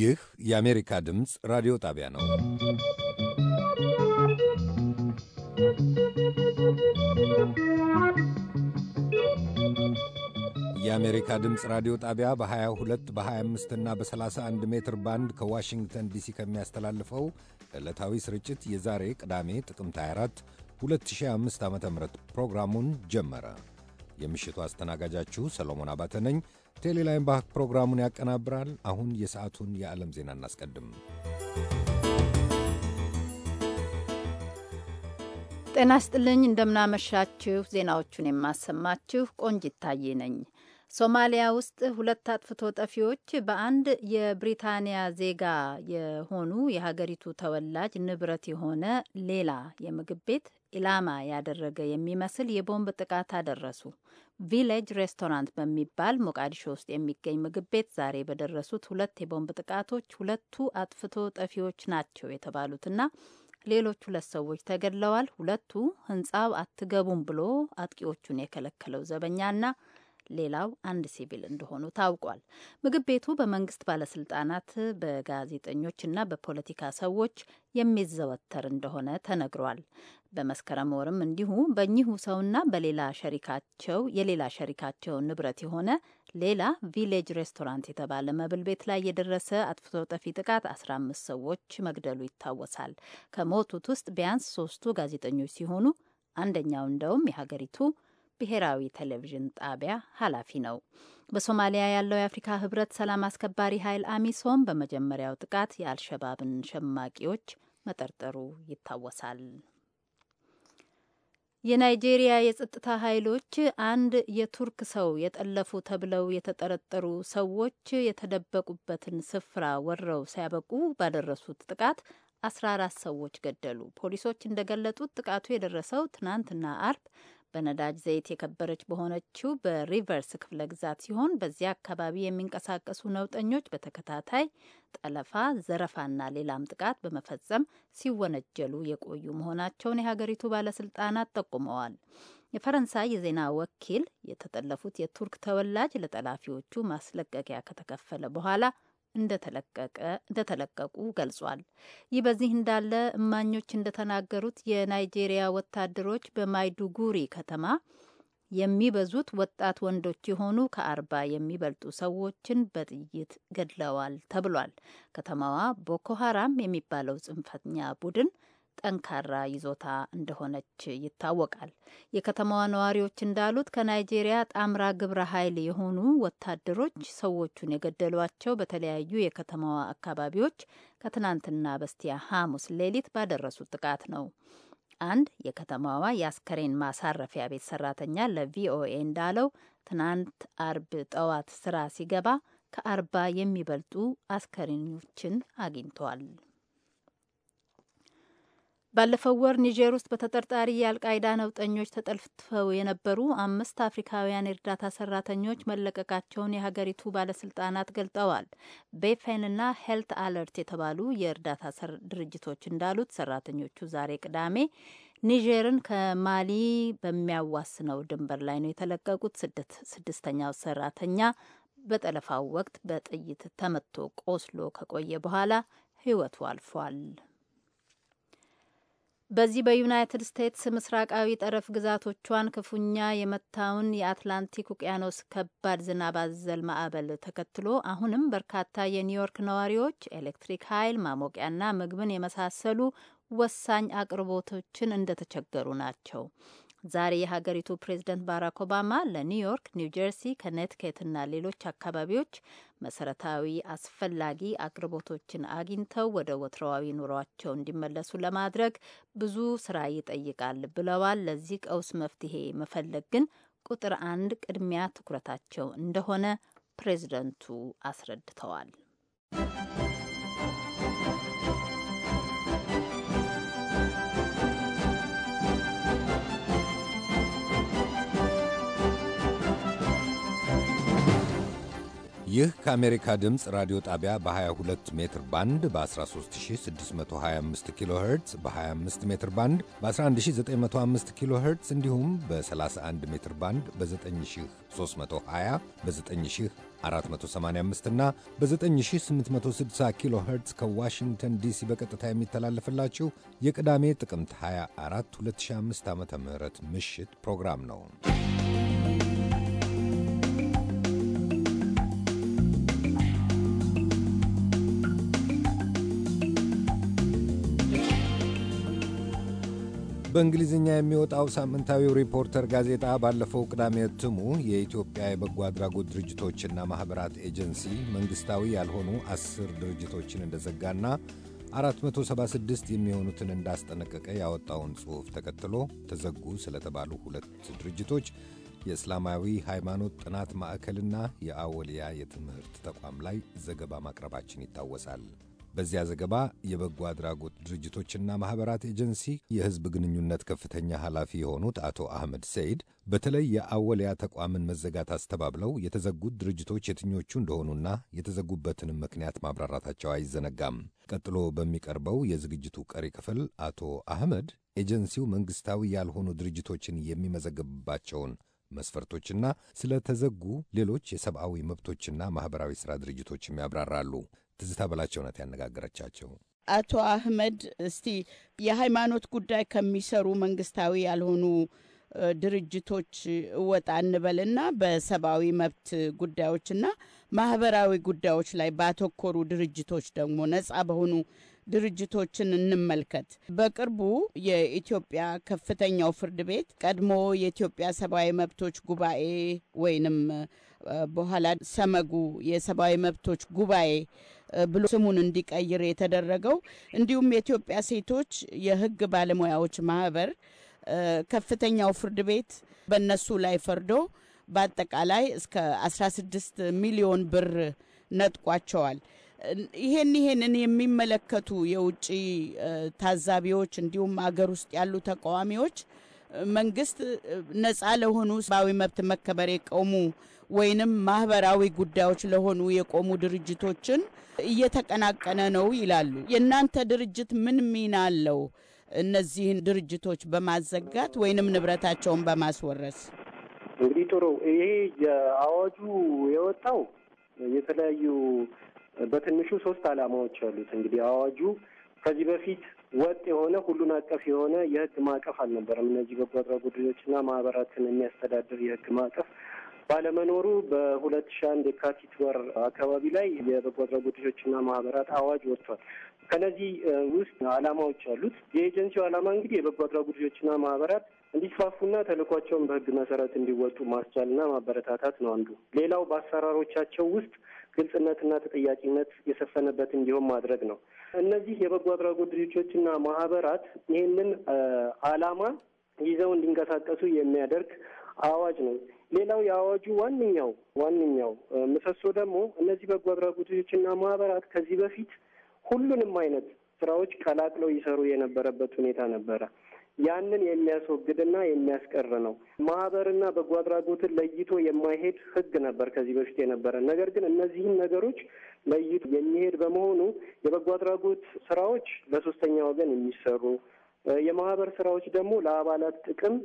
ይህ የአሜሪካ ድምፅ ራዲዮ ጣቢያ ነው። የአሜሪካ ድምፅ ራዲዮ ጣቢያ በ22 በ25 እና በ31 ሜትር ባንድ ከዋሽንግተን ዲሲ ከሚያስተላልፈው ዕለታዊ ስርጭት የዛሬ ቅዳሜ ጥቅምት 24 2005 ዓ.ም ፕሮግራሙን ጀመረ። የምሽቱ አስተናጋጃችሁ ሰሎሞን አባተ ነኝ። ቴሌላይም ባህክ ፕሮግራሙን ያቀናብራል። አሁን የሰዓቱን የዓለም ዜና እናስቀድም። ጤና ስጥልኝ፣ እንደምናመሻችሁ። ዜናዎቹን የማሰማችሁ ቆንጅ ታዬ ነኝ። ሶማሊያ ውስጥ ሁለት አጥፍቶ ጠፊዎች በአንድ የብሪታንያ ዜጋ የሆኑ የሀገሪቱ ተወላጅ ንብረት የሆነ ሌላ የምግብ ቤት ኢላማ ያደረገ የሚመስል የቦምብ ጥቃት አደረሱ። ቪሌጅ ሬስቶራንት በሚባል ሞቃዲሾ ውስጥ የሚገኝ ምግብ ቤት ዛሬ በደረሱት ሁለት የቦምብ ጥቃቶች ሁለቱ አጥፍቶ ጠፊዎች ናቸው የተባሉትና ሌሎች ሁለት ሰዎች ተገድለዋል። ሁለቱ ህንጻው አትገቡም ብሎ አጥቂዎቹን የከለከለው ዘበኛና ሌላው አንድ ሲቪል እንደሆኑ ታውቋል። ምግብ ቤቱ በመንግስት ባለስልጣናት በጋዜጠኞች እና በፖለቲካ ሰዎች የሚዘወተር እንደሆነ ተነግሯል። በመስከረም ወርም እንዲሁ በእኚሁ ሰውና በሌላ ሸሪካቸው የሌላ ሸሪካቸው ንብረት የሆነ ሌላ ቪሌጅ ሬስቶራንት የተባለ መብል ቤት ላይ የደረሰ አጥፍቶ ጠፊ ጥቃት አስራ አምስት ሰዎች መግደሉ ይታወሳል። ከሞቱት ውስጥ ቢያንስ ሶስቱ ጋዜጠኞች ሲሆኑ አንደኛው እንደውም የሀገሪቱ ብሔራዊ ቴሌቪዥን ጣቢያ ኃላፊ ነው። በሶማሊያ ያለው የአፍሪካ ህብረት ሰላም አስከባሪ ኃይል አሚሶም በመጀመሪያው ጥቃት የአልሸባብን ሸማቂዎች መጠርጠሩ ይታወሳል። የናይጄሪያ የጸጥታ ኃይሎች አንድ የቱርክ ሰው የጠለፉ ተብለው የተጠረጠሩ ሰዎች የተደበቁበትን ስፍራ ወረው ሲያበቁ ባደረሱት ጥቃት አስራ አራት ሰዎች ገደሉ። ፖሊሶች እንደገለጡት ጥቃቱ የደረሰው ትናንትና አርብ በነዳጅ ዘይት የከበረች በሆነችው በሪቨርስ ክፍለ ግዛት ሲሆን በዚያ አካባቢ የሚንቀሳቀሱ ነውጠኞች በተከታታይ ጠለፋ፣ ዘረፋና ሌላም ጥቃት በመፈጸም ሲወነጀሉ የቆዩ መሆናቸውን የሀገሪቱ ባለስልጣናት ጠቁመዋል። የፈረንሳይ የዜና ወኪል የተጠለፉት የቱርክ ተወላጅ ለጠላፊዎቹ ማስለቀቂያ ከተከፈለ በኋላ እንደተለቀቁ ገልጿል። ይህ በዚህ እንዳለ እማኞች እንደተናገሩት የናይጄሪያ ወታደሮች በማይዱጉሪ ከተማ የሚበዙት ወጣት ወንዶች የሆኑ ከአርባ የሚበልጡ ሰዎችን በጥይት ገድለዋል ተብሏል። ከተማዋ ቦኮ ሀራም የሚባለው ጽንፈኛ ቡድን ጠንካራ ይዞታ እንደሆነች ይታወቃል። የከተማዋ ነዋሪዎች እንዳሉት ከናይጄሪያ ጣምራ ግብረ ኃይል የሆኑ ወታደሮች ሰዎቹን የገደሏቸው በተለያዩ የከተማዋ አካባቢዎች ከትናንትና በስቲያ ሐሙስ ሌሊት ባደረሱት ጥቃት ነው። አንድ የከተማዋ የአስከሬን ማሳረፊያ ቤት ሰራተኛ ለቪኦኤ እንዳለው ትናንት አርብ ጠዋት ስራ ሲገባ ከአርባ የሚበልጡ አስከሬኖችን አግኝቷል። ባለፈው ወር ኒጀር ውስጥ በተጠርጣሪ የአልቃይዳ ነውጠኞች ተጠልፍተው የነበሩ አምስት አፍሪካውያን የእርዳታ ሰራተኞች መለቀቃቸውን የሀገሪቱ ባለስልጣናት ገልጠዋል። ቤፌንና ሄልት አለርት የተባሉ የእርዳታ ድርጅቶች እንዳሉት ሰራተኞቹ ዛሬ ቅዳሜ ኒጀርን ከማሊ በሚያዋስነው ድንበር ላይ ነው የተለቀቁት። ስድስተኛው ሰራተኛ በጠለፋው ወቅት በጥይት ተመቶ ቆስሎ ከቆየ በኋላ ህይወቱ አልፏል። በዚህ በዩናይትድ ስቴትስ ምስራቃዊ ጠረፍ ግዛቶቿን ክፉኛ የመታውን የአትላንቲክ ውቅያኖስ ከባድ ዝናብ አዘል ማዕበል ተከትሎ አሁንም በርካታ የኒውዮርክ ነዋሪዎች ኤሌክትሪክ ኃይል፣ ማሞቂያና ምግብን የመሳሰሉ ወሳኝ አቅርቦቶችን እንደተቸገሩ ናቸው። ዛሬ የሀገሪቱ ፕሬዝደንት ባራክ ኦባማ ለኒውዮርክ፣ ኒውጀርሲ፣ ከኔትኬትና ሌሎች አካባቢዎች መሰረታዊ አስፈላጊ አቅርቦቶችን አግኝተው ወደ ወትሮዋዊ ኑሯቸው እንዲመለሱ ለማድረግ ብዙ ስራ ይጠይቃል ብለዋል። ለዚህ ቀውስ መፍትሄ መፈለግ ግን ቁጥር አንድ ቅድሚያ ትኩረታቸው እንደሆነ ፕሬዚደንቱ አስረድተዋል። ይህ ከአሜሪካ ድምፅ ራዲዮ ጣቢያ በ22 ሜትር ባንድ በ13625 ኪሎ ሄርትዝ በ25 ሜትር ባንድ በ11905 ኪሎ ሄርትዝ እንዲሁም በ31 ሜትር ባንድ በ9320 በ9485 እና በ9860 ኪሎ ሄርትዝ ከዋሽንግተን ዲሲ በቀጥታ የሚተላለፍላችሁ የቅዳሜ ጥቅምት 24 2005 ዓ ም ምሽት ፕሮግራም ነው። በእንግሊዝኛ የሚወጣው ሳምንታዊው ሪፖርተር ጋዜጣ ባለፈው ቅዳሜ እትሙ የኢትዮጵያ የበጎ አድራጎት ድርጅቶችና ማኅበራት ኤጀንሲ መንግሥታዊ ያልሆኑ አስር ድርጅቶችን እንደዘጋና 476 የሚሆኑትን እንዳስጠነቀቀ ያወጣውን ጽሑፍ ተከትሎ ተዘጉ ስለተባሉ ሁለት ድርጅቶች የእስላማዊ ሃይማኖት ጥናት ማዕከልና የአወልያ የትምህርት ተቋም ላይ ዘገባ ማቅረባችን ይታወሳል። በዚያ ዘገባ የበጎ አድራጎት ድርጅቶችና ማኅበራት ኤጀንሲ የሕዝብ ግንኙነት ከፍተኛ ኃላፊ የሆኑት አቶ አህመድ ሰይድ በተለይ የአወልያ ተቋምን መዘጋት አስተባብለው የተዘጉት ድርጅቶች የትኞቹ እንደሆኑና የተዘጉበትንም ምክንያት ማብራራታቸው አይዘነጋም። ቀጥሎ በሚቀርበው የዝግጅቱ ቀሪ ክፍል አቶ አህመድ ኤጀንሲው መንግሥታዊ ያልሆኑ ድርጅቶችን የሚመዘግብባቸውን መስፈርቶችና ስለተዘጉ ሌሎች የሰብአዊ መብቶችና ማኅበራዊ ሥራ ድርጅቶችም ያብራራሉ። ትዝታ በላቸው ናት ያነጋገረቻቸው። አቶ አህመድ እስቲ የሃይማኖት ጉዳይ ከሚሰሩ መንግስታዊ ያልሆኑ ድርጅቶች እወጣ እንበልና በሰብአዊ መብት ጉዳዮችና ማህበራዊ ጉዳዮች ላይ ባተኮሩ ድርጅቶች ደግሞ ነጻ በሆኑ ድርጅቶችን እንመልከት። በቅርቡ የኢትዮጵያ ከፍተኛው ፍርድ ቤት ቀድሞ የኢትዮጵያ ሰብአዊ መብቶች ጉባኤ ወይንም በኋላ ሰመጉ የሰብአዊ መብቶች ጉባኤ ብሎ ስሙን እንዲቀይር የተደረገው እንዲሁም የኢትዮጵያ ሴቶች የህግ ባለሙያዎች ማህበር ከፍተኛው ፍርድ ቤት በእነሱ ላይ ፈርዶ በአጠቃላይ እስከ 16 ሚሊዮን ብር ነጥቋቸዋል። ይሄን ይሄንን የሚመለከቱ የውጭ ታዛቢዎች እንዲሁም አገር ውስጥ ያሉ ተቃዋሚዎች መንግስት ነጻ ለሆኑ ሰብአዊ መብት መከበር የቆሙ ወይንም ማህበራዊ ጉዳዮች ለሆኑ የቆሙ ድርጅቶችን እየተቀናቀነ ነው ይላሉ። የእናንተ ድርጅት ምን ሚና አለው እነዚህን ድርጅቶች በማዘጋት ወይንም ንብረታቸውን በማስወረስ? እንግዲህ ጥሩ ይሄ የአዋጁ የወጣው የተለያዩ በትንሹ ሶስት አላማዎች አሉት። እንግዲህ አዋጁ ከዚህ በፊት ወጥ የሆነ ሁሉን አቀፍ የሆነ የህግ ማዕቀፍ አልነበረም። እነዚህ በጎ አድራጎት ድርጅቶችና ማህበራትን የሚያስተዳድር የህግ ማዕቀፍ ባለመኖሩ በሁለት ሺ አንድ የካቲት ወር አካባቢ ላይ የበጎ አድራጎት ማህበራት አዋጅ ወጥቷል። ከነዚህ ውስጥ አላማዎች አሉት። የኤጀንሲው አላማ እንግዲህ የበጎ አድራጎት ማህበራት እንዲስፋፉና ተልኳቸውን በህግ መሰረት እንዲወጡ ማስቻልና ማበረታታት ነው አንዱ። ሌላው በአሰራሮቻቸው ውስጥ ግልጽነትና ተጠያቂነት የሰፈነበት እንዲሆን ማድረግ ነው። እነዚህ የበጎ አድራጎት ድርጅቶችና ማህበራት ይህንን አላማ ይዘው እንዲንቀሳቀሱ የሚያደርግ አዋጅ ነው ሌላው የአዋጁ ዋነኛው ዋነኛው ምሰሶ ደግሞ እነዚህ በጎ አድራጎቶችና ማህበራት ከዚህ በፊት ሁሉንም አይነት ስራዎች ቀላቅለው ይሰሩ የነበረበት ሁኔታ ነበረ። ያንን የሚያስወግድና የሚያስቀር ነው። ማህበርና በጎ አድራጎትን ለይቶ የማይሄድ ህግ ነበር ከዚህ በፊት የነበረ። ነገር ግን እነዚህን ነገሮች ለይቶ የሚሄድ በመሆኑ የበጎ አድራጎት ስራዎች ለሶስተኛ ወገን የሚሰሩ የማህበር ስራዎች ደግሞ ለአባላት ጥቅም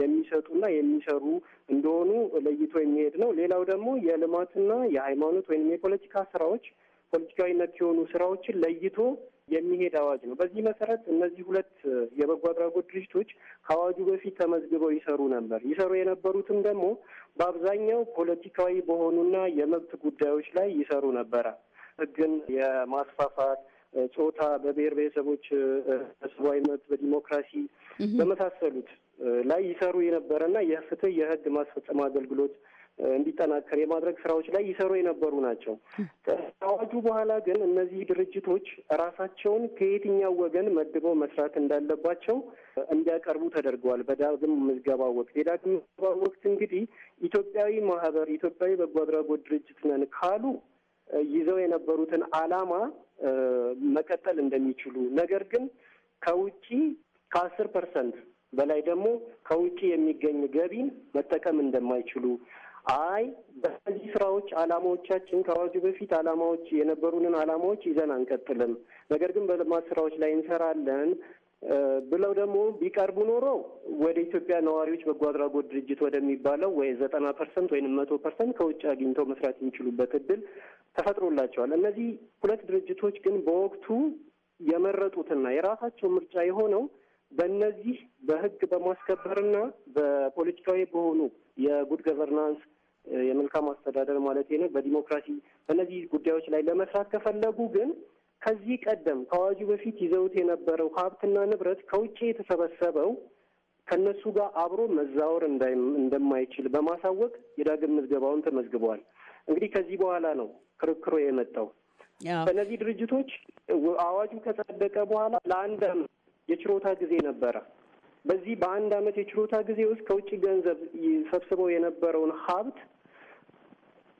የሚሰጡና የሚሰሩ እንደሆኑ ለይቶ የሚሄድ ነው። ሌላው ደግሞ የልማትና የሃይማኖት ወይም የፖለቲካ ስራዎች ፖለቲካዊነት የሆኑ ስራዎችን ለይቶ የሚሄድ አዋጅ ነው። በዚህ መሰረት እነዚህ ሁለት የበጎ አድራጎት ድርጅቶች ከአዋጁ በፊት ተመዝግበው ይሰሩ ነበር። ይሰሩ የነበሩትም ደግሞ በአብዛኛው ፖለቲካዊ በሆኑና የመብት ጉዳዮች ላይ ይሰሩ ነበረ። ህግን የማስፋፋት ጾታ፣ በብሔር ብሔረሰቦች ሰብአዊ መብት፣ በዲሞክራሲ በመሳሰሉት ላይ ይሰሩ የነበረና የፍትህ የህግ ማስፈጸም አገልግሎት እንዲጠናከር የማድረግ ስራዎች ላይ ይሰሩ የነበሩ ናቸው። ከአዋጁ በኋላ ግን እነዚህ ድርጅቶች ራሳቸውን ከየትኛው ወገን መድበው መስራት እንዳለባቸው እንዲያቀርቡ ተደርገዋል። በዳግም ምዝገባ ወቅት የዳግም ምዝገባ ወቅት እንግዲህ ኢትዮጵያዊ ማህበር፣ ኢትዮጵያዊ በጎ አድራጎት ድርጅት ነን ካሉ ይዘው የነበሩትን ዓላማ መቀጠል እንደሚችሉ ነገር ግን ከውጪ ከአስር ፐርሰንት በላይ ደግሞ ከውጪ የሚገኝ ገቢን መጠቀም እንደማይችሉ አይ በዚህ ስራዎች ዓላማዎቻችን ከአዋጁ በፊት ዓላማዎች የነበሩንን ዓላማዎች ይዘን አንቀጥልም፣ ነገር ግን በልማት ስራዎች ላይ እንሰራለን ብለው ደግሞ ቢቀርቡ ኖሮ ወደ ኢትዮጵያ ነዋሪዎች በጎ አድራጎት ድርጅት ወደሚባለው ወይ ዘጠና ፐርሰንት ወይም መቶ ፐርሰንት ከውጭ አግኝተው መስራት የሚችሉበት እድል ተፈጥሮላቸዋል። እነዚህ ሁለት ድርጅቶች ግን በወቅቱ የመረጡትና የራሳቸው ምርጫ የሆነው በእነዚህ በህግ በማስከበርና በፖለቲካዊ በሆኑ የጉድ ገቨርናንስ የመልካም አስተዳደር ማለት ነው በዲሞክራሲ በእነዚህ ጉዳዮች ላይ ለመስራት ከፈለጉ ግን ከዚህ ቀደም ከአዋጁ በፊት ይዘውት የነበረው ሀብትና ንብረት ከውጭ የተሰበሰበው ከእነሱ ጋር አብሮ መዛወር እንደማይችል በማሳወቅ የዳግም ምዝገባውን ተመዝግበዋል። እንግዲህ ከዚህ በኋላ ነው ክርክሮ የመጣው። በእነዚህ ድርጅቶች አዋጁ ከጸደቀ በኋላ ለአንድ አመት የችሮታ ጊዜ ነበረ። በዚህ በአንድ አመት የችሮታ ጊዜ ውስጥ ከውጭ ገንዘብ ሰብስበው የነበረውን ሀብት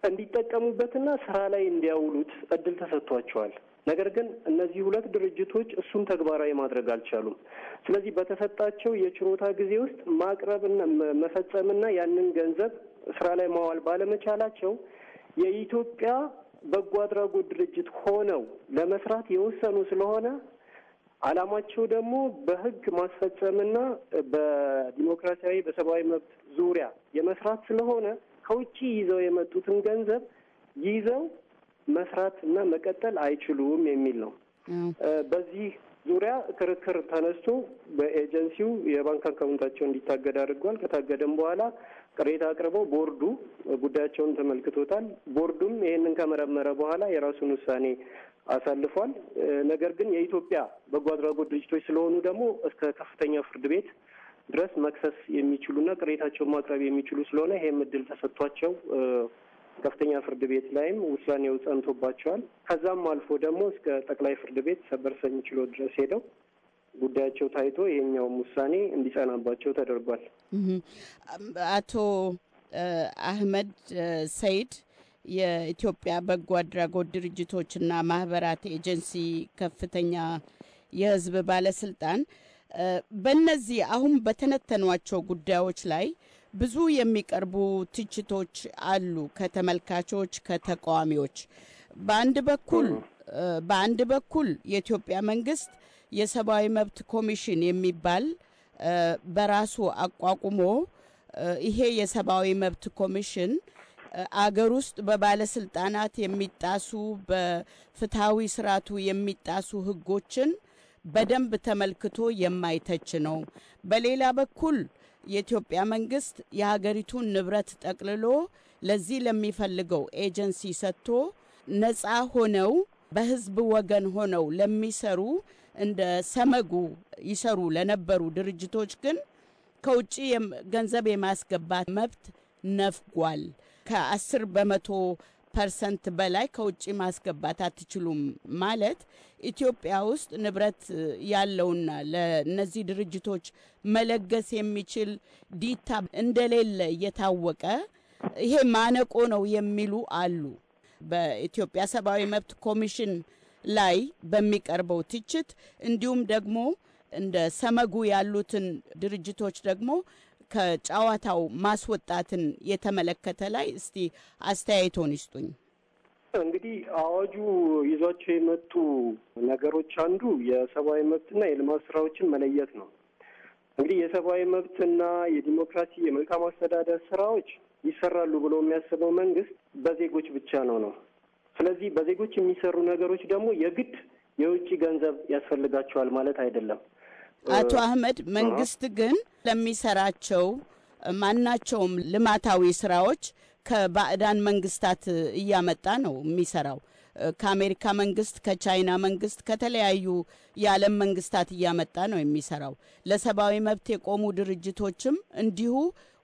እንዲጠቀሙበትና ስራ ላይ እንዲያውሉት እድል ተሰጥቷቸዋል። ነገር ግን እነዚህ ሁለት ድርጅቶች እሱን ተግባራዊ ማድረግ አልቻሉም። ስለዚህ በተሰጣቸው የችሮታ ጊዜ ውስጥ ማቅረብና መፈጸምና ያንን ገንዘብ ስራ ላይ ማዋል ባለመቻላቸው የኢትዮጵያ በጎ አድራጎት ድርጅት ሆነው ለመስራት የወሰኑ ስለሆነ ዓላማቸው ደግሞ በህግ ማስፈጸምና በዲሞክራሲያዊ በሰብአዊ መብት ዙሪያ የመስራት ስለሆነ ከውጭ ይዘው የመጡትን ገንዘብ ይዘው መስራት እና መቀጠል አይችሉም የሚል ነው። በዚህ ዙሪያ ክርክር ተነስቶ በኤጀንሲው የባንክ አካውንታቸው እንዲታገድ አድርጓል። ከታገደም በኋላ ቅሬታ አቅርበው ቦርዱ ጉዳያቸውን ተመልክቶታል። ቦርዱም ይህንን ከመረመረ በኋላ የራሱን ውሳኔ አሳልፏል። ነገር ግን የኢትዮጵያ በጎ አድራጎት ድርጅቶች ስለሆኑ ደግሞ እስከ ከፍተኛ ፍርድ ቤት ድረስ መክሰስ የሚችሉና ቅሬታቸውን ማቅረብ የሚችሉ ስለሆነ ይህም እድል ተሰጥቷቸው ከፍተኛ ፍርድ ቤት ላይም ውሳኔው ጸንቶባቸዋል። ከዛም አልፎ ደግሞ እስከ ጠቅላይ ፍርድ ቤት ሰበር ሰሚ ችሎት ድረስ ሄደው ጉዳያቸው ታይቶ ይሄኛውም ውሳኔ እንዲጸናባቸው ተደርጓል። አቶ አህመድ ሰይድ የኢትዮጵያ በጎ አድራጎት ድርጅቶችና ማህበራት ኤጀንሲ ከፍተኛ የህዝብ ባለስልጣን በእነዚህ አሁን በተነተኗቸው ጉዳዮች ላይ ብዙ የሚቀርቡ ትችቶች አሉ ከተመልካቾች፣ ከተቃዋሚዎች። በአንድ በኩል በአንድ በኩል የኢትዮጵያ መንግስት የሰብአዊ መብት ኮሚሽን የሚባል በራሱ አቋቁሞ ይሄ የሰብአዊ መብት ኮሚሽን አገር ውስጥ በባለስልጣናት የሚጣሱ በፍትሐዊ ስርዓቱ የሚጣሱ ህጎችን በደንብ ተመልክቶ የማይተች ነው። በሌላ በኩል የኢትዮጵያ መንግስት የሀገሪቱን ንብረት ጠቅልሎ ለዚህ ለሚፈልገው ኤጀንሲ ሰጥቶ ነፃ ሆነው በህዝብ ወገን ሆነው ለሚሰሩ እንደ ሰመጉ ይሰሩ ለነበሩ ድርጅቶች ግን ከውጭ ገንዘብ የማስገባት መብት ነፍጓል። ከአስር በመቶ ፐርሰንት በላይ ከውጭ ማስገባት አትችሉም ማለት ኢትዮጵያ ውስጥ ንብረት ያለውና ለእነዚህ ድርጅቶች መለገስ የሚችል ዲታ እንደሌለ እየታወቀ ይሄ ማነቆ ነው የሚሉ አሉ። በኢትዮጵያ ሰብአዊ መብት ኮሚሽን ላይ በሚቀርበው ትችት እንዲሁም ደግሞ እንደ ሰመጉ ያሉትን ድርጅቶች ደግሞ ከጨዋታው ማስወጣትን የተመለከተ ላይ እስቲ አስተያየቶን ይስጡኝ። እንግዲህ አዋጁ ይዟቸው የመጡ ነገሮች አንዱ የሰብአዊ መብትና የልማት ስራዎችን መለየት ነው። እንግዲህ የሰብአዊ መብትና የዲሞክራሲ የመልካም አስተዳደር ስራዎች ይሰራሉ ብሎ የሚያስበው መንግስት በዜጎች ብቻ ነው ነው ስለዚህ በዜጎች የሚሰሩ ነገሮች ደግሞ የግድ የውጭ ገንዘብ ያስፈልጋቸዋል ማለት አይደለም። አቶ አህመድ፣ መንግስት ግን ለሚሰራቸው ማናቸውም ልማታዊ ስራዎች ከባዕዳን መንግስታት እያመጣ ነው የሚሰራው። ከአሜሪካ መንግስት፣ ከቻይና መንግስት፣ ከተለያዩ የዓለም መንግስታት እያመጣ ነው የሚሰራው። ለሰብአዊ መብት የቆሙ ድርጅቶችም እንዲሁ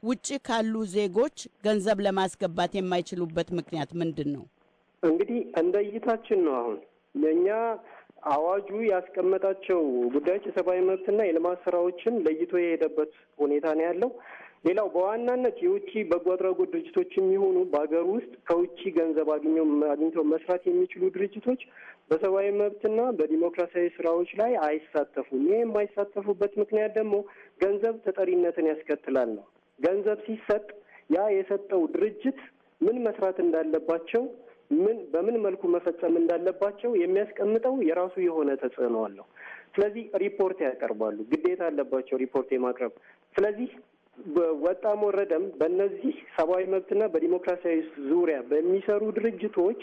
ውጭ ካሉ ዜጎች ገንዘብ ለማስገባት የማይችሉበት ምክንያት ምንድን ነው? እንግዲህ እንደ እይታችን ነው። አሁን ለእኛ አዋጁ ያስቀመጣቸው ጉዳዮች የሰብአዊ መብትና የልማት ስራዎችን ለይቶ የሄደበት ሁኔታ ነው ያለው። ሌላው በዋናነት የውጭ በጎ አድራጎት ድርጅቶች የሚሆኑ በሀገር ውስጥ ከውጭ ገንዘብ አግኘ አግኝተው መስራት የሚችሉ ድርጅቶች በሰብአዊ መብትና በዲሞክራሲያዊ ስራዎች ላይ አይሳተፉም። ይህ የማይሳተፉበት ምክንያት ደግሞ ገንዘብ ተጠሪነትን ያስከትላል ነው። ገንዘብ ሲሰጥ ያ የሰጠው ድርጅት ምን መስራት እንዳለባቸው ምን በምን መልኩ መፈጸም እንዳለባቸው የሚያስቀምጠው የራሱ የሆነ ተጽዕኖ አለው። ስለዚህ ሪፖርት ያቀርባሉ፣ ግዴታ አለባቸው ሪፖርት የማቅረብ። ስለዚህ ወጣም ወረደም በእነዚህ ሰብአዊ መብትና በዲሞክራሲያዊ ዙሪያ በሚሰሩ ድርጅቶች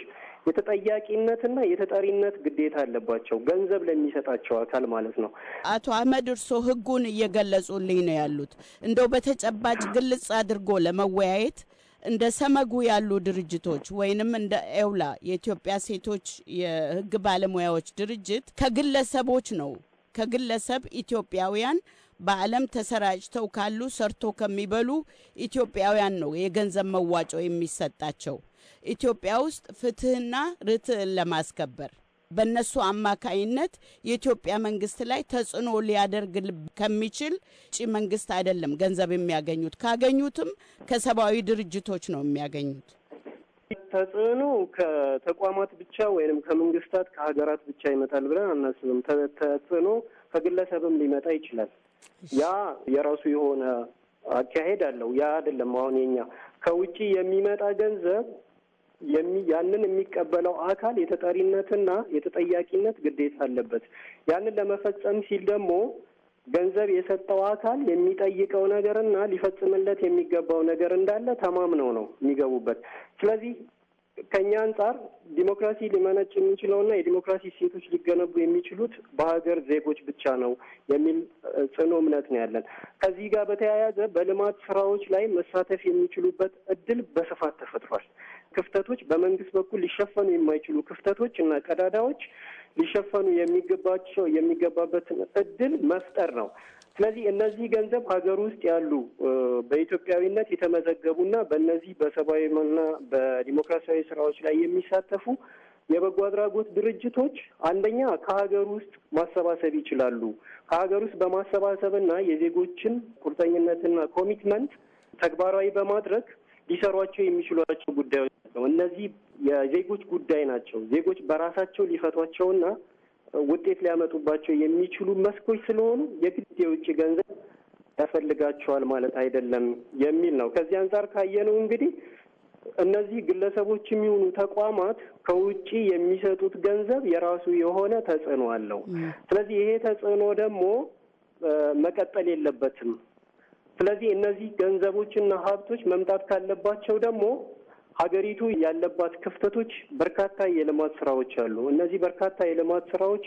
የተጠያቂነትና የተጠሪነት ግዴታ አለባቸው፣ ገንዘብ ለሚሰጣቸው አካል ማለት ነው። አቶ አህመድ እርሶ ህጉን እየገለጹልኝ ነው ያሉት። እንደው በተጨባጭ ግልጽ አድርጎ ለመወያየት እንደ ሰመጉ ያሉ ድርጅቶች ወይንም እንደ ኤውላ የኢትዮጵያ ሴቶች የህግ ባለሙያዎች ድርጅት ከግለሰቦች ነው ከግለሰብ ኢትዮጵያውያን በዓለም ተሰራጭተው ካሉ ሰርቶ ከሚበሉ ኢትዮጵያውያን ነው የገንዘብ መዋጮ የሚሰጣቸው ኢትዮጵያ ውስጥ ፍትህና ርትዕን ለማስከበር በእነሱ አማካይነት የኢትዮጵያ መንግስት ላይ ተጽዕኖ ሊያደርግ ከሚችል ጭ መንግስት አይደለም ገንዘብ የሚያገኙት። ካገኙትም ከሰብአዊ ድርጅቶች ነው የሚያገኙት። ተጽዕኖ ከተቋማት ብቻ ወይንም ከመንግስታት ከሀገራት ብቻ ይመጣል ብለን አናስብም። ተጽዕኖ ከግለሰብም ሊመጣ ይችላል። ያ የራሱ የሆነ አካሄድ አለው። ያ አይደለም አሁን የኛ ከውጭ የሚመጣ ገንዘብ ያንን የሚቀበለው አካል የተጠሪነትና የተጠያቂነት ግዴታ አለበት። ያንን ለመፈጸም ሲል ደግሞ ገንዘብ የሰጠው አካል የሚጠይቀው ነገርና ሊፈጽምለት የሚገባው ነገር እንዳለ ተማምነው ነው የሚገቡበት። ስለዚህ ከእኛ አንጻር ዲሞክራሲ ሊመነጭ የሚችለውና የዲሞክራሲ ሴቶች ሊገነቡ የሚችሉት በሀገር ዜጎች ብቻ ነው የሚል ጽኑ እምነት ነው ያለን። ከዚህ ጋር በተያያዘ በልማት ስራዎች ላይ መሳተፍ የሚችሉበት እድል በስፋት ተፈጥሯል። ክፍተቶች በመንግስት በኩል ሊሸፈኑ የማይችሉ ክፍተቶች እና ቀዳዳዎች ሊሸፈኑ የሚገባቸው የሚገባበትን እድል መፍጠር ነው። ስለዚህ እነዚህ ገንዘብ ሀገር ውስጥ ያሉ በኢትዮጵያዊነት የተመዘገቡና በእነዚህ በሰብአዊና በዲሞክራሲያዊ ስራዎች ላይ የሚሳተፉ የበጎ አድራጎት ድርጅቶች አንደኛ ከሀገር ውስጥ ማሰባሰብ ይችላሉ። ከሀገር ውስጥ በማሰባሰብና የዜጎችን ቁርጠኝነትና ኮሚትመንት ተግባራዊ በማድረግ ሊሰሯቸው የሚችሏቸው ጉዳዮች ናቸው። እነዚህ የዜጎች ጉዳይ ናቸው። ዜጎች በራሳቸው ሊፈቷቸውና ውጤት ሊያመጡባቸው የሚችሉ መስኮች ስለሆኑ የግድ የውጭ ገንዘብ ያስፈልጋቸዋል ማለት አይደለም የሚል ነው። ከዚህ አንጻር ካየነው እንግዲህ እነዚህ ግለሰቦች የሚሆኑ ተቋማት ከውጭ የሚሰጡት ገንዘብ የራሱ የሆነ ተጽዕኖ አለው። ስለዚህ ይሄ ተጽዕኖ ደግሞ መቀጠል የለበትም። ስለዚህ እነዚህ ገንዘቦችና ሀብቶች መምጣት ካለባቸው ደግሞ ሀገሪቱ ያለባት ክፍተቶች በርካታ የልማት ስራዎች አሉ። እነዚህ በርካታ የልማት ስራዎች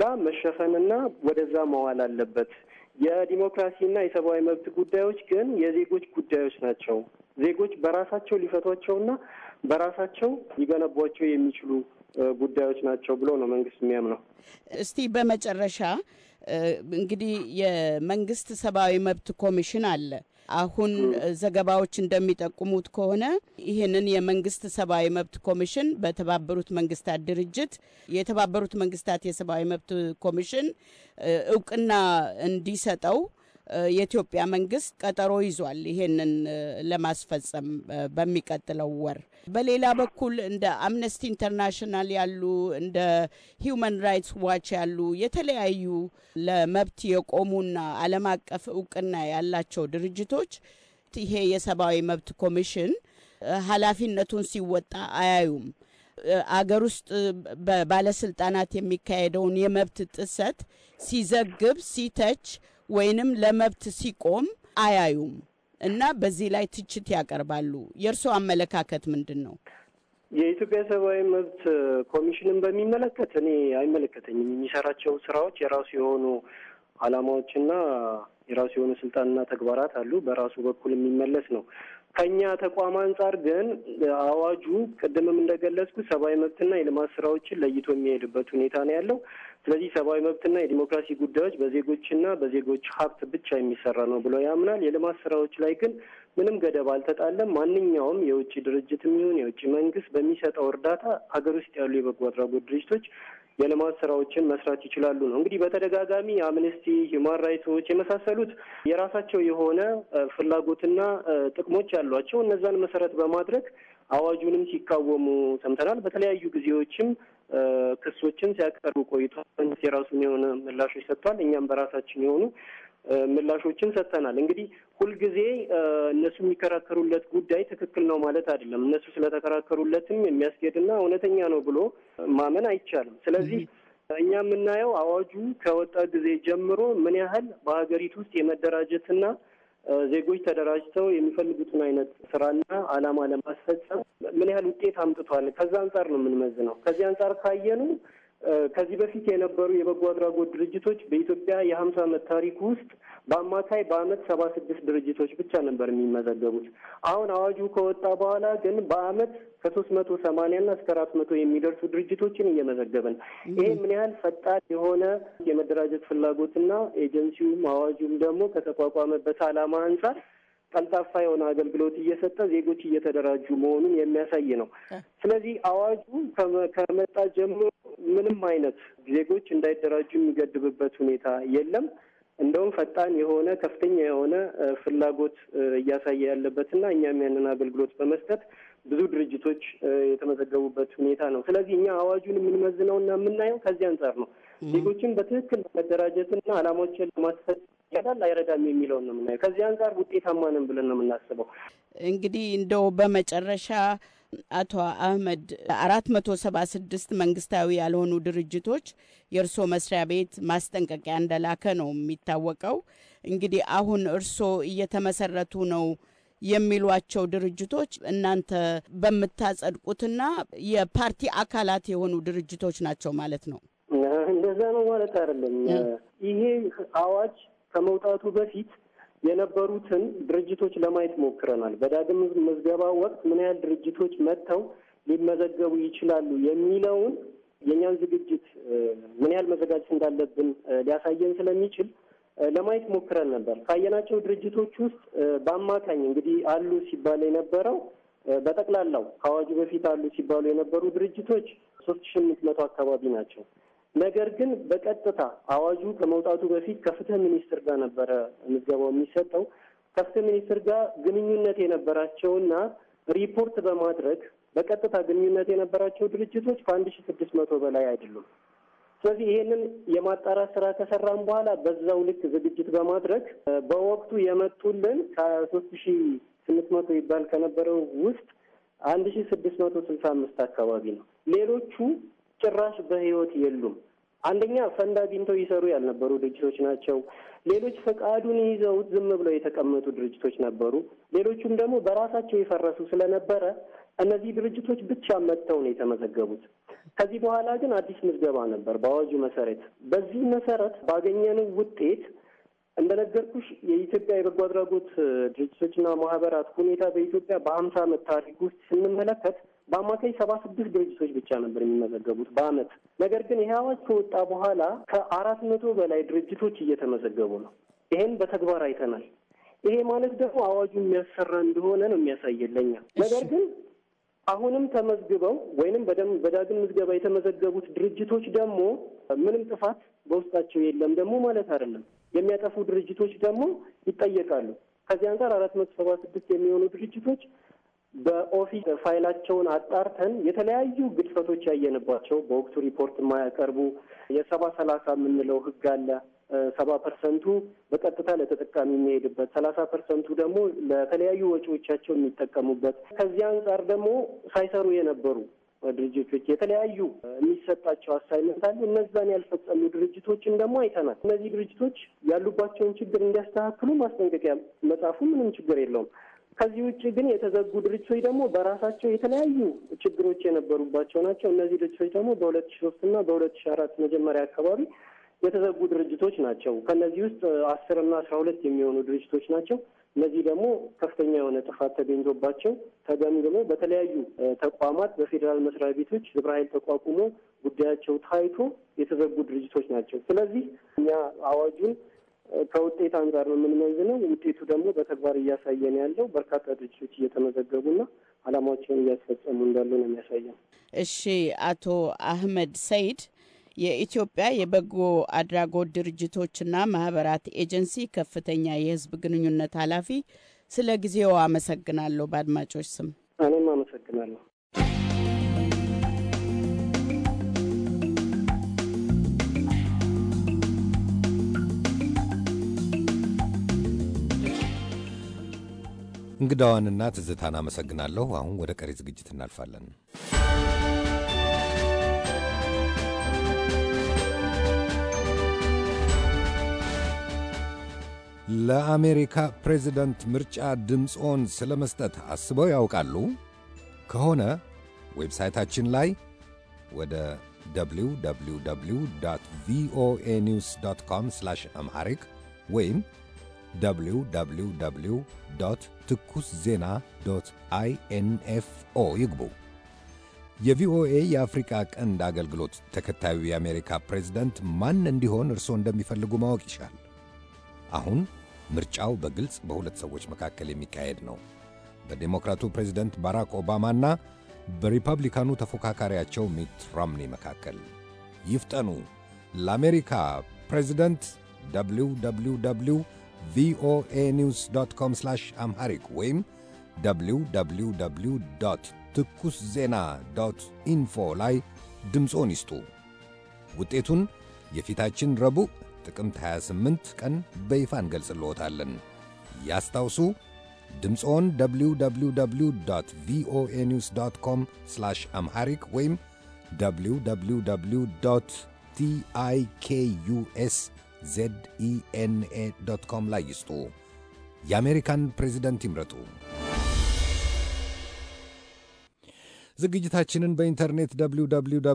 ጋር መሸፈንና ወደዛ መዋል አለበት። የዲሞክራሲና የሰብአዊ መብት ጉዳዮች ግን የዜጎች ጉዳዮች ናቸው። ዜጎች በራሳቸው ሊፈቷቸውና በራሳቸው ሊገነቧቸው የሚችሉ ጉዳዮች ናቸው ብሎ ነው መንግስት የሚያምነው። እስቲ በመጨረሻ እንግዲህ የመንግስት ሰብአዊ መብት ኮሚሽን አለ አሁን ዘገባዎች እንደሚጠቁሙት ከሆነ ይህንን የመንግስት ሰብአዊ መብት ኮሚሽን በተባበሩት መንግስታት ድርጅት የተባበሩት መንግስታት የሰብአዊ መብት ኮሚሽን እውቅና እንዲሰጠው የኢትዮጵያ መንግስት ቀጠሮ ይዟል ይሄንን ለማስፈጸም በሚቀጥለው ወር። በሌላ በኩል እንደ አምነስቲ ኢንተርናሽናል ያሉ እንደ ሂውማን ራይትስ ዋች ያሉ የተለያዩ ለመብት የቆሙና ዓለም አቀፍ እውቅና ያላቸው ድርጅቶች ይሄ የሰብአዊ መብት ኮሚሽን ኃላፊነቱን ሲወጣ አያዩም። አገር ውስጥ በባለስልጣናት የሚካሄደውን የመብት ጥሰት ሲዘግብ፣ ሲተች ወይንም ለመብት ሲቆም አያዩም እና በዚህ ላይ ትችት ያቀርባሉ። የእርስዎ አመለካከት ምንድን ነው? የኢትዮጵያ ሰብአዊ መብት ኮሚሽንን በሚመለከት እኔ አይመለከተኝም። የሚሰራቸው ስራዎች የራሱ የሆኑ አላማዎችና የራሱ የሆኑ ስልጣንና ተግባራት አሉ። በራሱ በኩል የሚመለስ ነው። ከኛ ተቋም አንጻር ግን አዋጁ ቅድምም እንደገለጽኩ ሰብአዊ መብትና የልማት ስራዎችን ለይቶ የሚሄድበት ሁኔታ ነው ያለው። ስለዚህ ሰብአዊ መብትና የዲሞክራሲ ጉዳዮች በዜጎችና በዜጎች ሀብት ብቻ የሚሰራ ነው ብሎ ያምናል። የልማት ስራዎች ላይ ግን ምንም ገደብ አልተጣለም። ማንኛውም የውጭ ድርጅት የሚሆን የውጭ መንግስት በሚሰጠው እርዳታ ሀገር ውስጥ ያሉ የበጎ አድራጎት ድርጅቶች የልማት ስራዎችን መስራት ይችላሉ ነው። እንግዲህ በተደጋጋሚ አምነስቲ፣ ሂውማን ራይትስ የመሳሰሉት የራሳቸው የሆነ ፍላጎትና ጥቅሞች ያሏቸው እነዛን መሰረት በማድረግ አዋጁንም ሲቃወሙ ሰምተናል። በተለያዩ ጊዜዎችም ክሶችን ሲያቀርቡ ቆይቷል። መንግስት የራሱን የሆነ ምላሾች ሰጥቷል። እኛም በራሳችን የሆኑ ምላሾችን ሰጥተናል። እንግዲህ ሁልጊዜ እነሱ የሚከራከሩለት ጉዳይ ትክክል ነው ማለት አይደለም። እነሱ ስለተከራከሩለትም የሚያስኬድና እውነተኛ ነው ብሎ ማመን አይቻልም። ስለዚህ እኛ የምናየው አዋጁ ከወጣ ጊዜ ጀምሮ ምን ያህል በሀገሪቱ ውስጥ የመደራጀትና ዜጎች ተደራጅተው የሚፈልጉትን አይነት ስራና አላማ ለማስፈጸም ምን ያህል ውጤት አምጥቷል፣ ከዛ አንጻር ነው የምንመዝነው። ከዚህ አንጻር ካየኑ ከዚህ በፊት የነበሩ የበጎ አድራጎት ድርጅቶች በኢትዮጵያ የሀምሳ ዓመት ታሪክ ውስጥ በአማካይ በአመት ሰባ ስድስት ድርጅቶች ብቻ ነበር የሚመዘገቡት። አሁን አዋጁ ከወጣ በኋላ ግን በአመት ከሶስት መቶ ሰማንያ ና እስከ አራት መቶ የሚደርሱ ድርጅቶችን እየመዘገብን ይሄ ምን ያህል ፈጣን የሆነ የመደራጀት ፍላጎትና ኤጀንሲውም አዋጁም ደግሞ ከተቋቋመበት ዓላማ አንጻር ቀልጣፋ የሆነ አገልግሎት እየሰጠ ዜጎች እየተደራጁ መሆኑን የሚያሳይ ነው። ስለዚህ አዋጁ ከመጣ ጀምሮ ምንም አይነት ዜጎች እንዳይደራጁ የሚገድብበት ሁኔታ የለም። እንደውም ፈጣን የሆነ ከፍተኛ የሆነ ፍላጎት እያሳየ ያለበት እና እኛም ያንን አገልግሎት በመስጠት ብዙ ድርጅቶች የተመዘገቡበት ሁኔታ ነው። ስለዚህ እኛ አዋጁን የምንመዝነው እና የምናየው ከዚህ አንጻር ነው። ዜጎችን በትክክል ለመደራጀትና አላማዎችን ለማስፈጸም ይረዳል አይረዳም የሚለውን ነው የምናየው። ከዚህ አንጻር ውጤታማ ነን ብለን ነው የምናስበው። እንግዲህ እንደው በመጨረሻ አቶ አህመድ አራት መቶ ሰባ ስድስት መንግስታዊ ያልሆኑ ድርጅቶች የእርሶ መስሪያ ቤት ማስጠንቀቂያ እንደላከ ነው የሚታወቀው። እንግዲህ አሁን እርሶ እየተመሰረቱ ነው የሚሏቸው ድርጅቶች እናንተ በምታጸድቁትና የፓርቲ አካላት የሆኑ ድርጅቶች ናቸው ማለት ነው። እንደዛ ነው ማለት አይደለም። ይሄ አዋጅ ከመውጣቱ በፊት የነበሩትን ድርጅቶች ለማየት ሞክረናል። በዳግም ምዝገባ ወቅት ምን ያህል ድርጅቶች መጥተው ሊመዘገቡ ይችላሉ የሚለውን የእኛን ዝግጅት ምን ያህል መዘጋጀት እንዳለብን ሊያሳየን ስለሚችል ለማየት ሞክረን ነበር። ካየናቸው ድርጅቶች ውስጥ በአማካኝ እንግዲህ አሉ ሲባል የነበረው በጠቅላላው ከአዋጁ በፊት አሉ ሲባሉ የነበሩ ድርጅቶች ሶስት ሺህ ስምንት መቶ አካባቢ ናቸው። ነገር ግን በቀጥታ አዋጁ ከመውጣቱ በፊት ከፍትህ ሚኒስትር ጋር ነበረ ምዝገባው የሚሰጠው። ከፍትህ ሚኒስትር ጋር ግንኙነት የነበራቸውና ሪፖርት በማድረግ በቀጥታ ግንኙነት የነበራቸው ድርጅቶች ከአንድ ሺ ስድስት መቶ በላይ አይደሉም። ስለዚህ ይሄንን የማጣራት ስራ ከሰራም በኋላ በዛው ልክ ዝግጅት በማድረግ በወቅቱ የመጡልን ከሶስት ሺ ስምንት መቶ ይባል ከነበረው ውስጥ አንድ ሺ ስድስት መቶ ስልሳ አምስት አካባቢ ነው። ሌሎቹ ጭራሽ በህይወት የሉም። አንደኛ ፈንድ አግኝተው ይሰሩ ያልነበሩ ድርጅቶች ናቸው። ሌሎች ፈቃዱን ይዘውት ዝም ብለው የተቀመጡ ድርጅቶች ነበሩ። ሌሎቹም ደግሞ በራሳቸው የፈረሱ ስለነበረ እነዚህ ድርጅቶች ብቻ መጥተው ነው የተመዘገቡት። ከዚህ በኋላ ግን አዲስ ምዝገባ ነበር በአዋጁ መሰረት። በዚህ መሰረት ባገኘነው ውጤት እንደነገርኩሽ የኢትዮጵያ የበጎ አድራጎት ድርጅቶችና ማህበራት ሁኔታ በኢትዮጵያ በሀምሳ ዓመት ታሪክ ውስጥ ስንመለከት በአማካይ ሰባ ስድስት ድርጅቶች ብቻ ነበር የሚመዘገቡት በአመት። ነገር ግን ይህ አዋጅ ከወጣ በኋላ ከአራት መቶ በላይ ድርጅቶች እየተመዘገቡ ነው። ይሄን በተግባር አይተናል። ይሄ ማለት ደግሞ አዋጁ የሚያሰራ እንደሆነ ነው የሚያሳየን ነገር ግን አሁንም ተመዝግበው ወይንም በዳግም ምዝገባ የተመዘገቡት ድርጅቶች ደግሞ ምንም ጥፋት በውስጣቸው የለም ደግሞ ማለት አይደለም። የሚያጠፉ ድርጅቶች ደግሞ ይጠየቃሉ። ከዚህ አንጻር አራት መቶ ሰባ ስድስት የሚሆኑ ድርጅቶች በኦፊስ ፋይላቸውን አጣርተን የተለያዩ ግድፈቶች ያየንባቸው በወቅቱ ሪፖርት የማያቀርቡ የሰባ ሰላሳ የምንለው ህግ አለ። ሰባ ፐርሰንቱ በቀጥታ ለተጠቃሚ የሚሄድበት፣ ሰላሳ ፐርሰንቱ ደግሞ ለተለያዩ ወጪዎቻቸው የሚጠቀሙበት። ከዚህ አንጻር ደግሞ ሳይሰሩ የነበሩ ድርጅቶች የተለያዩ የሚሰጣቸው አሳይመንት አለ። እነዛን ያልፈጸሙ ድርጅቶችን ደግሞ አይተናል። እነዚህ ድርጅቶች ያሉባቸውን ችግር እንዲያስተካክሉ ማስጠንቀቂያ መጽሐፉ ምንም ችግር የለውም። ከዚህ ውጭ ግን የተዘጉ ድርጅቶች ደግሞ በራሳቸው የተለያዩ ችግሮች የነበሩባቸው ናቸው። እነዚህ ድርጅቶች ደግሞ በሁለት ሺ ሶስት እና በሁለት ሺ አራት መጀመሪያ አካባቢ የተዘጉ ድርጅቶች ናቸው። ከእነዚህ ውስጥ አስር እና አስራ ሁለት የሚሆኑ ድርጅቶች ናቸው። እነዚህ ደግሞ ከፍተኛ የሆነ ጥፋት ተገኝቶባቸው ተገምግሞ በተለያዩ ተቋማት በፌዴራል መስሪያ ቤቶች ግብረ ኃይል ተቋቁሞ ጉዳያቸው ታይቶ የተዘጉ ድርጅቶች ናቸው። ስለዚህ እኛ አዋጁን ከውጤት አንጻር ነው የምንመዝነው። ውጤቱ ደግሞ በተግባር እያሳየን ያለው በርካታ ድርጅቶች እየተመዘገቡና አላማቸውን እያስፈጸሙ እንዳሉ ነው የሚያሳየው። እሺ፣ አቶ አህመድ ሰይድ የኢትዮጵያ የበጎ አድራጎት ድርጅቶችና ማህበራት ኤጀንሲ ከፍተኛ የህዝብ ግንኙነት ኃላፊ፣ ስለ ጊዜው አመሰግናለሁ። በአድማጮች ስም እኔም አመሰግናለሁ። እንግዳዋንና ትዝታን አመሰግናለሁ። አሁን ወደ ቀሪ ዝግጅት እናልፋለን። ለአሜሪካ ፕሬዚደንት ምርጫ ድምፆን ስለ መስጠት አስበው ያውቃሉ? ከሆነ ዌብሳይታችን ላይ ወደ www ቪኦኤ ኒውስ ዶት ኮም ስላሽ አምሐሪክ ወይም www ትኩስ ዜና ዶት አይኤንኤፍኦ ይግቡ። የቪኦኤ የአፍሪቃ ቀንድ አገልግሎት ተከታዩ የአሜሪካ ፕሬዝደንት ማን እንዲሆን እርስዎ እንደሚፈልጉ ማወቅ ይሻል። አሁን ምርጫው በግልጽ በሁለት ሰዎች መካከል የሚካሄድ ነው። በዴሞክራቱ ፕሬዝደንት ባራክ ኦባማና በሪፐብሊካኑ ተፎካካሪያቸው ሚት ሮምኒ መካከል። ይፍጠኑ። ለአሜሪካ ፕሬዝደንት www ቪኦኤ ኒውስ ዶት ኮም ስላሽ አምሃሪክ ወይም www ትኩስ ዜና ዶት ኢንፎ ላይ ድምፆን ይስጡ። ውጤቱን የፊታችን ረቡዕ ጥቅምት 28 ቀን በይፋ እንገልጽልዎታለን። ያስታውሱ፣ ድምፆን www ቪኦኤ ኒውስ ዶት ኮም ስላሽ አምሃሪክ ወይም www ቲአይኬዩኤስ ዜድኢኤንኤ ዶት ኮም ላይ ይስጡ። የአሜሪካን ፕሬዚደንት ይምረጡ። ዝግጅታችንን በኢንተርኔት www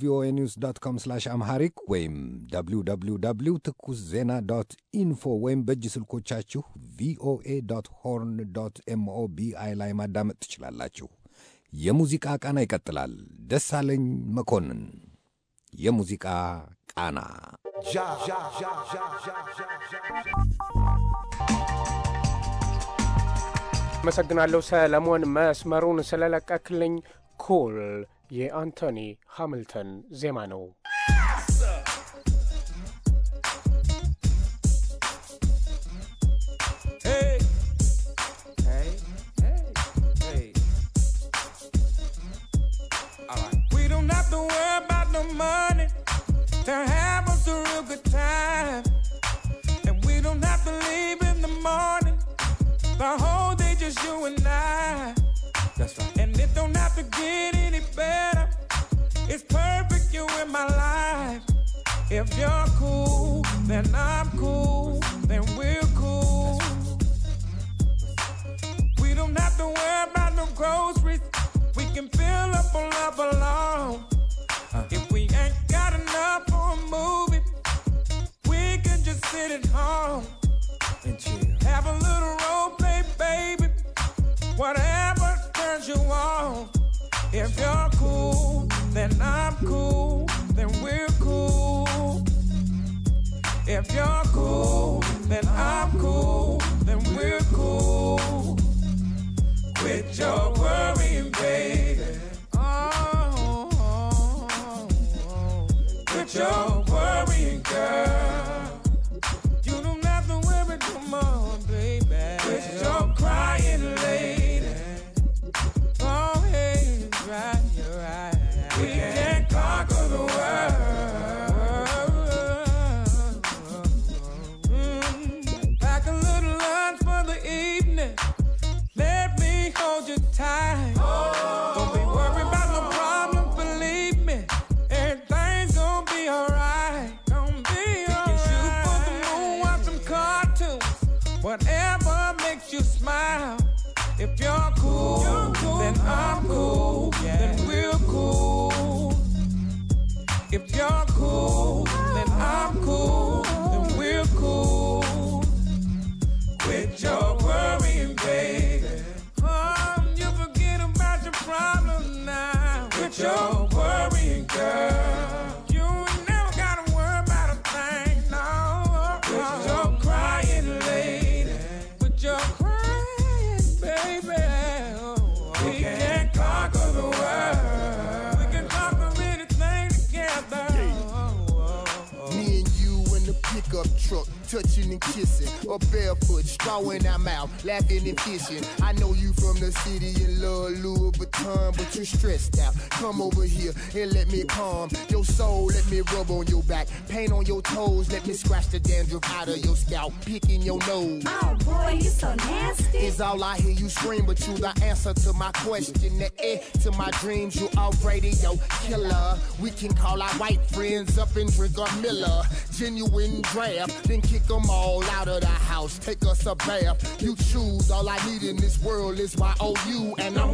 ቪኦኤ ኒውስ ዶት ኮም ስላሽ አምሃሪክ ወይም www ትኩስ ዜና ዶት ኢንፎ ወይም በእጅ ስልኮቻችሁ ቪኦኤ ዶት ሆርን ዶት ኤምኦቢአይ ላይ ማዳመጥ ትችላላችሁ። የሙዚቃ ቃና ይቀጥላል። ደሳለኝ መኮንን የሙዚቃ ቃና አመሰግናለሁ ሰለሞን መስመሩን ስለለቀክልኝ። ኩል የአንቶኒ ሃምልተን ዜማ ነው። Money to have us a real good time. And we don't have to leave in the morning. The whole day just you and I. That's right. And it don't have to get any better. It's perfect you in my life. If you're cool, then I'm cool, then we're cool. We don't have to worry about no groceries. We can fill up on love alone. If movie. We can just sit at home and chill. Have a little role play, baby. Whatever turns you on. If you're cool, then I'm cool, then we're cool. If you're cool, then I'm cool, then we're cool. Quit your worrying, baby. Oh, oh, oh. oh. Quit your girl. palm. Your soul, let me rub on your back. Paint on your toes, let me scratch the dandruff out of your scalp. Picking your nose. Oh boy, you so nasty. Is all I hear you scream, but you the answer to my question. The eh to my dreams, you already yo killer. We can call our white friends up and drink a Miller. Genuine draft, then kick them all out of the house. Take us a bath. You choose all I need in this world is my OU, and I'm.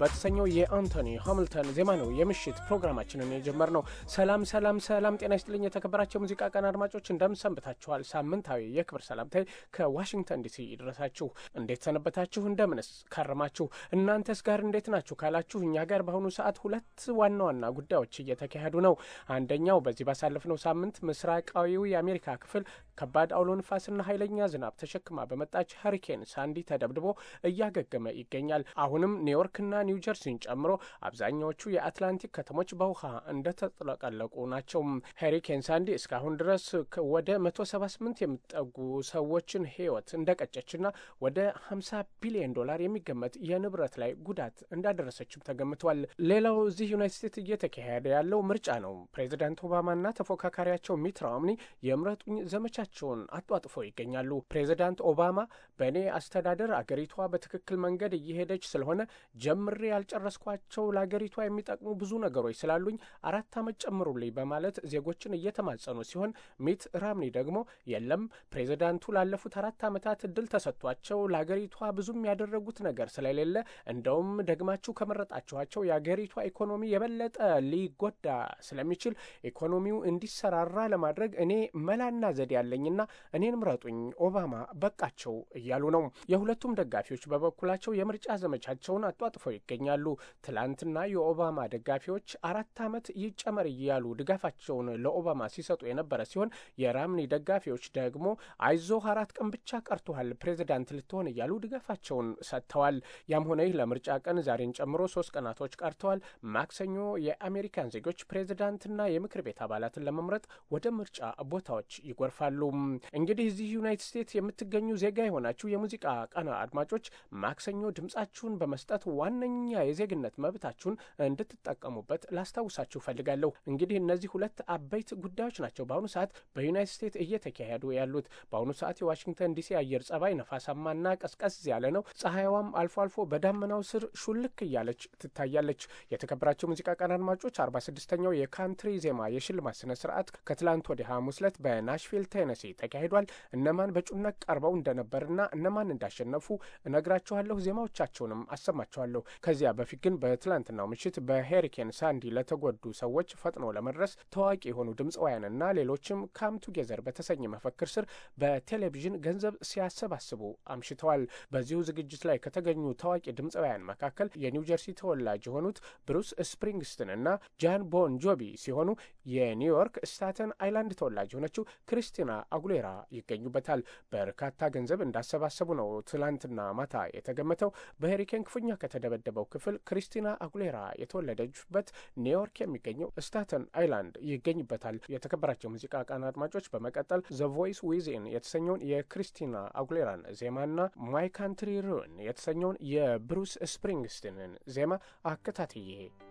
በተሰኘው የአንቶኒ ሃምልተን ዜማ ነው የምሽት ፕሮግራማችንን የጀመርነው። ሰላም ሰላም ሰላም፣ ጤና ይስጥልኝ የተከበራቸው የሙዚቃ ቀን አድማጮች እንደምን ሰንብታችኋል? ሳምንታዊ የክብር ሰላምታይ ከዋሽንግተን ዲሲ ይድረሳችሁ። እንዴት ሰነበታችሁ? እንደምንስ ከረማችሁ? እናንተስ ጋር እንዴት ናችሁ ካላችሁ እኛ ጋር በአሁኑ ሰዓት ሁለት ዋና ዋና ጉዳዮች እየተካሄዱ ነው። አንደኛው በዚህ ባሳለፍነው ሳምንት ምስራቃዊው የአሜሪካ ክፍል ከባድ አውሎ ንፋስና ኃይለኛ ዝናብ ተሸክማ በመጣች ሀሪኬን ሳንዲ ተደብድቦ እያገገመ ይገኛል። አሁንም ኒውዮርክና ኒው ጨምሮ አብዛኛዎቹ የአትላንቲክ ከተሞች በውሃ እንደተጥለቀለቁ ናቸው። ሄሪኬን ሳንዲ እስካሁን ድረስ ወደ 178 የሚጠጉ ሰዎችን ህይወት እንደቀጨችና ወደ 50 ቢሊዮን ዶላር የሚገመት የንብረት ላይ ጉዳት እንዳደረሰችም ተገምቷል። ሌላው እዚህ ዩናይት ስቴትስ እየተካሄደ ያለው ምርጫ ነው። ፕሬዚዳንት ኦባማና ተፎካካሪያቸው ሚት ሮምኒ የምረጡኝ ዘመቻ ራሳቸውን አጧጥፈው ይገኛሉ። ፕሬዚዳንት ኦባማ በእኔ አስተዳደር አገሪቷ በትክክል መንገድ እየሄደች ስለሆነ ጀምሬ ያልጨረስኳቸው ለአገሪቷ የሚጠቅሙ ብዙ ነገሮች ስላሉኝ አራት ዓመት ጨምሩልኝ በማለት ዜጎችን እየተማጸኑ ሲሆን ሚት ራምኒ ደግሞ የለም ፕሬዚዳንቱ ላለፉት አራት ዓመታት እድል ተሰጥቷቸው ለአገሪቷ ብዙም ያደረጉት ነገር ስለሌለ እንደውም ደግማችሁ ከመረጣችኋቸው የአገሪቷ ኢኮኖሚ የበለጠ ሊጎዳ ስለሚችል ኢኮኖሚው እንዲሰራራ ለማድረግ እኔ መላና ዘዴ ያለኝ አለኝና እኔን ምረጡኝ ኦባማ በቃቸው እያሉ ነው። የሁለቱም ደጋፊዎች በበኩላቸው የምርጫ ዘመቻቸውን አጧጥፈው ይገኛሉ። ትላንትና የኦባማ ደጋፊዎች አራት ዓመት ይጨመር እያሉ ድጋፋቸውን ለኦባማ ሲሰጡ የነበረ ሲሆን የራምኒ ደጋፊዎች ደግሞ አይዞህ አራት ቀን ብቻ ቀርቶሃል ፕሬዚዳንት ልትሆን እያሉ ድጋፋቸውን ሰጥተዋል። ያም ሆነ ይህ ለምርጫ ቀን ዛሬን ጨምሮ ሶስት ቀናቶች ቀርተዋል። ማክሰኞ የአሜሪካን ዜጎች ፕሬዚዳንትና የምክር ቤት አባላትን ለመምረጥ ወደ ምርጫ ቦታዎች ይጎርፋሉ። አይደሉም። እንግዲህ እዚህ ዩናይትድ ስቴትስ የምትገኙ ዜጋ የሆናችሁ የሙዚቃ ቀና አድማጮች ማክሰኞ ድምጻችሁን በመስጠት ዋነኛ የዜግነት መብታችሁን እንድትጠቀሙበት ላስታውሳችሁ ፈልጋለሁ። እንግዲህ እነዚህ ሁለት አበይት ጉዳዮች ናቸው በአሁኑ ሰዓት በዩናይትድ ስቴትስ እየተካሄዱ ያሉት። በአሁኑ ሰዓት የዋሽንግተን ዲሲ አየር ጸባይ ነፋሳማና ቀዝቀዝ ያለ ነው። ፀሐይዋም አልፎ አልፎ በዳመናው ስር ሹልክ እያለች ትታያለች። የተከበራቸው ሙዚቃ ቀና አድማጮች አርባ ስድስተኛው የካንትሪ ዜማ የሽልማት ስነ ስርዓት ከትላንት ወዲያ ሐሙስ ዕለት በናሽቪል ቴነ በመቀነሴ ተካሂዷል። እነማን በእጩነት ቀርበው እንደነበርና እነማን እንዳሸነፉ እነግራችኋለሁ። ዜማዎቻቸውንም አሰማችኋለሁ። ከዚያ በፊት ግን በትላንትናው ምሽት በሄሪኬን ሳንዲ ለተጎዱ ሰዎች ፈጥኖ ለመድረስ ታዋቂ የሆኑ ድምፃውያንና ሌሎችም ካምቱጌዘር በተሰኘ መፈክር ስር በቴሌቪዥን ገንዘብ ሲያሰባስቡ አምሽተዋል። በዚሁ ዝግጅት ላይ ከተገኙ ታዋቂ ድምፃውያን መካከል የኒውጀርሲ ተወላጅ የሆኑት ብሩስ ስፕሪንግስትን እና ጃን ቦን ጆቢ ሲሆኑ የኒውዮርክ ስታተን አይላንድ ተወላጅ የሆነችው ክሪስቲና አጉሌራ ይገኙበታል። በርካታ ገንዘብ እንዳሰባሰቡ ነው ትላንትና ማታ የተገመተው። በሄሪኬን ክፉኛ ከተደበደበው ክፍል ክሪስቲና አጉሌራ የተወለደችበት ኒውዮርክ የሚገኘው ስታተን አይላንድ ይገኝበታል። የተከበራቸው ሙዚቃ ቃና አድማጮች፣ በመቀጠል ዘ ቮይስ ዊዝን የተሰኘውን የክሪስቲና አጉሌራን ዜማና ማይ ካንትሪ ሩን የተሰኘውን የብሩስ ስፕሪንግስትንን ዜማ አከታትዬ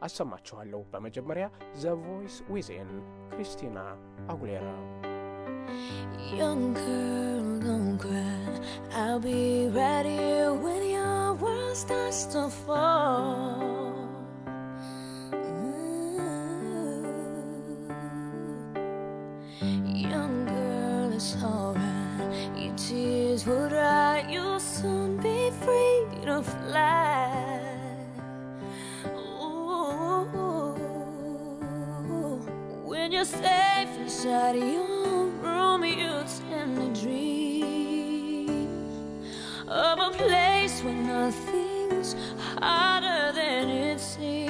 አሰማችኋለሁ። በመጀመሪያ ዘ ቮይስ ዊዝን ክሪስቲና አጉሌራ Young girl, don't cry. I'll be right here when your world starts to fall. Mm. Young girl, it's alright. Your tears will dry. You'll soon be free to fly. When you're safe inside you dream of a place where nothing's harder than it seems.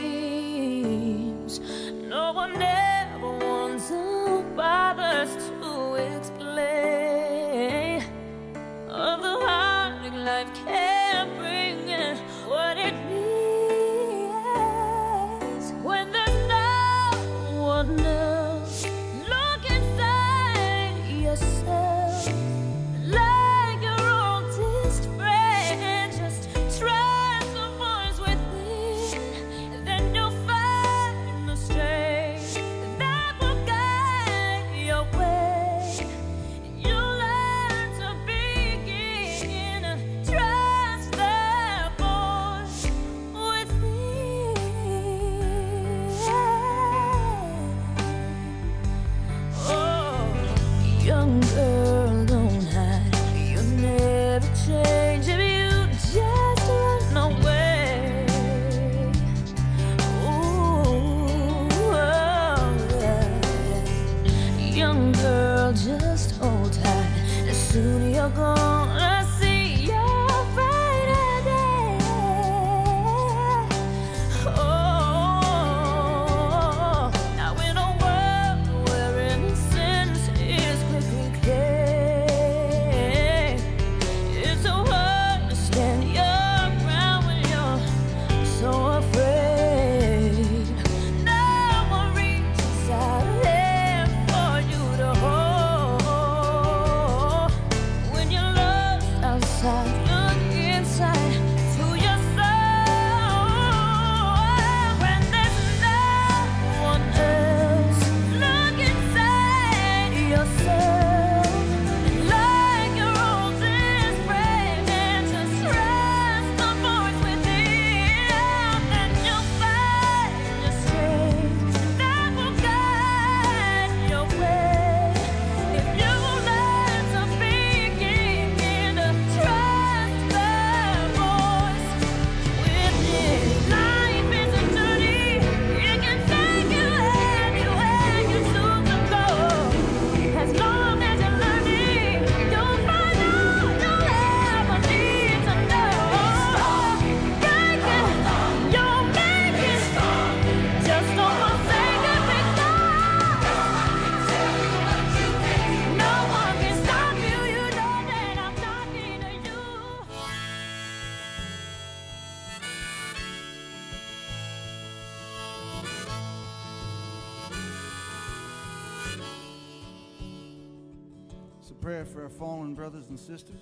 and sisters.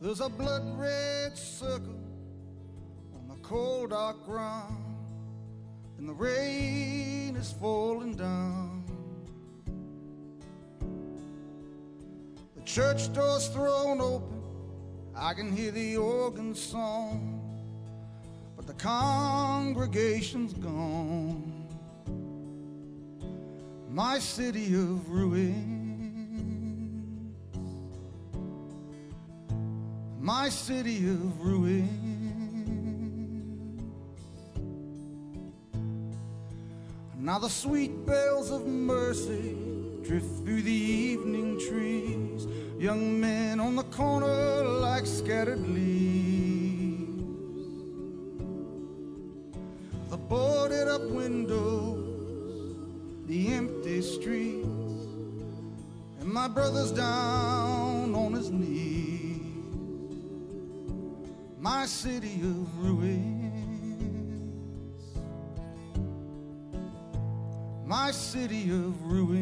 There's a blood red circle on the cold dark ground, and the rain is falling down. The church door's thrown open, I can hear the organ song, but the congregation's gone. My city of ruin. my city of ruin. Now the sweet bells of mercy drift through the evening trees, young men on the corner like scattered leaves. city of ruins, my city of ruins.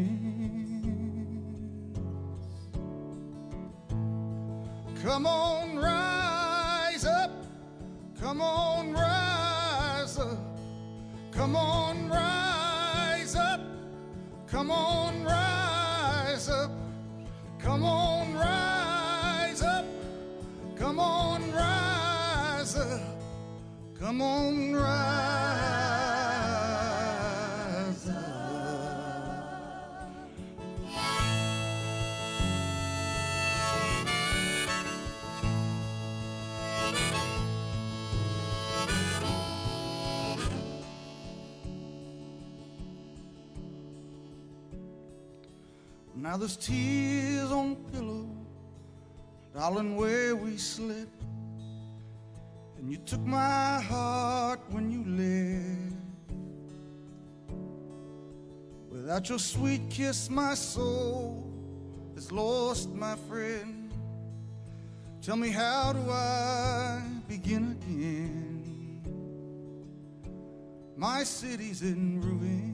Now there's tears on pillow, darling, where we slept. And you took my heart when you left. Without your sweet kiss, my soul is lost, my friend. Tell me, how do I begin again? My city's in ruin.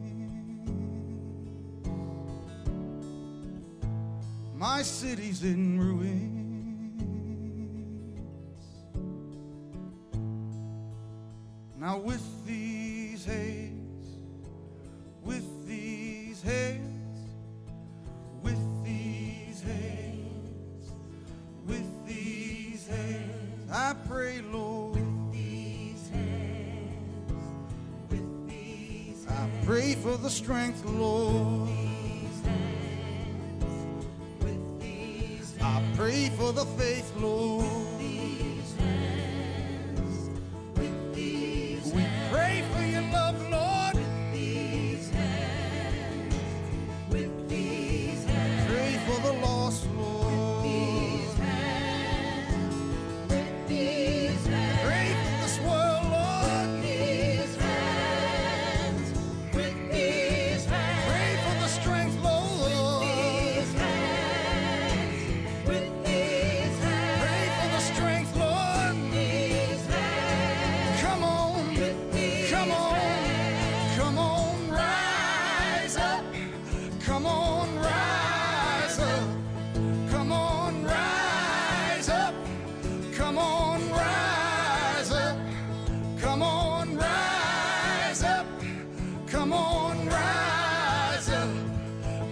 My city's in ruins. Now, with these hands, with these hands, with these hands, with these hands, I pray, Lord. With these hands, with these hands, I pray for the strength, Lord. for the faith, Lord.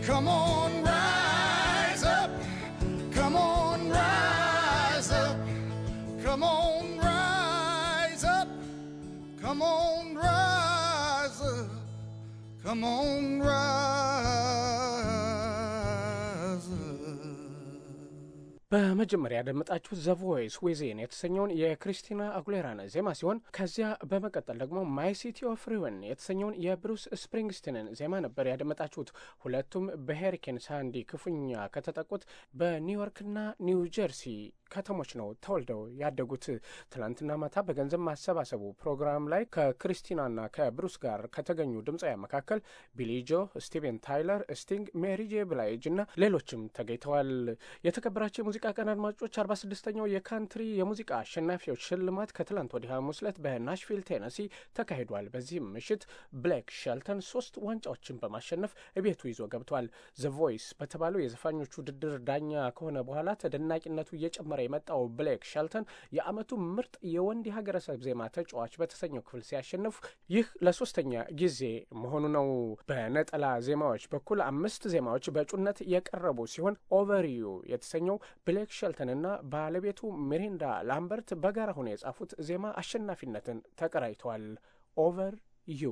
Come on, rise up. Come on, rise up. Come on, rise up. Come on, rise up. Come on, rise. በመጀመሪያ ያደመጣችሁት ዘ ቮይስ የተሰኘውን የክሪስቲና አጉሌራን ዜማ ሲሆን ከዚያ በመቀጠል ደግሞ ማይ ሲቲ ኦፍ የተሰኘውን የብሩስ ስፕሪንግስትንን ዜማ ነበር ያደመጣችሁት። ሁለቱም በሄሪኬን ሳንዲ ክፉኛ ከተጠቁት በኒውዮርክና ኒው ጀርሲ ከተሞች ነው ተወልደው ያደጉት። ትናንትና ማታ በገንዘብ ማሰባሰቡ ፕሮግራም ላይ ከክሪስቲናና ከብሩስ ጋር ከተገኙ ድምፃውያን መካከል ቢሊጆ፣ ስቲቨን ታይለር፣ ስቲንግ፣ ሜሪ ጄ ብላይጅ እና ሌሎችም ተገኝተዋል። የተከበራቸው የሙዚቃ ቀን አድማጮች አርባ ስድስተኛው የካንትሪ የሙዚቃ አሸናፊዎች ሽልማት ከትላንት ወዲያ ሐሙስ ዕለት በናሽቪል ቴነሲ ተካሂዷል። በዚህም ምሽት ብሌክ ሸልተን ሶስት ዋንጫዎችን በማሸነፍ እቤቱ ይዞ ገብቷል። ዘ ቮይስ በተባለው የዘፋኞቹ ውድድር ዳኛ ከሆነ በኋላ ተደናቂነቱ እየጨመረ የመጣው ብሌክ ሸልተን የዓመቱ ምርጥ የወንድ የሀገረሰብ ዜማ ተጫዋች በተሰኘው ክፍል ሲያሸንፍ ይህ ለሶስተኛ ጊዜ መሆኑ ነው። በነጠላ ዜማዎች በኩል አምስት ዜማዎች በእጩነት የቀረቡ ሲሆን ኦቨሪዩ የተሰኘው ብሌክ ሸልተንና ባለቤቱ ሚሪንዳ ላምበርት በጋራ ሆነው የጻፉት ዜማ አሸናፊነትን ተቀራይተዋል። ኦቨር ዩ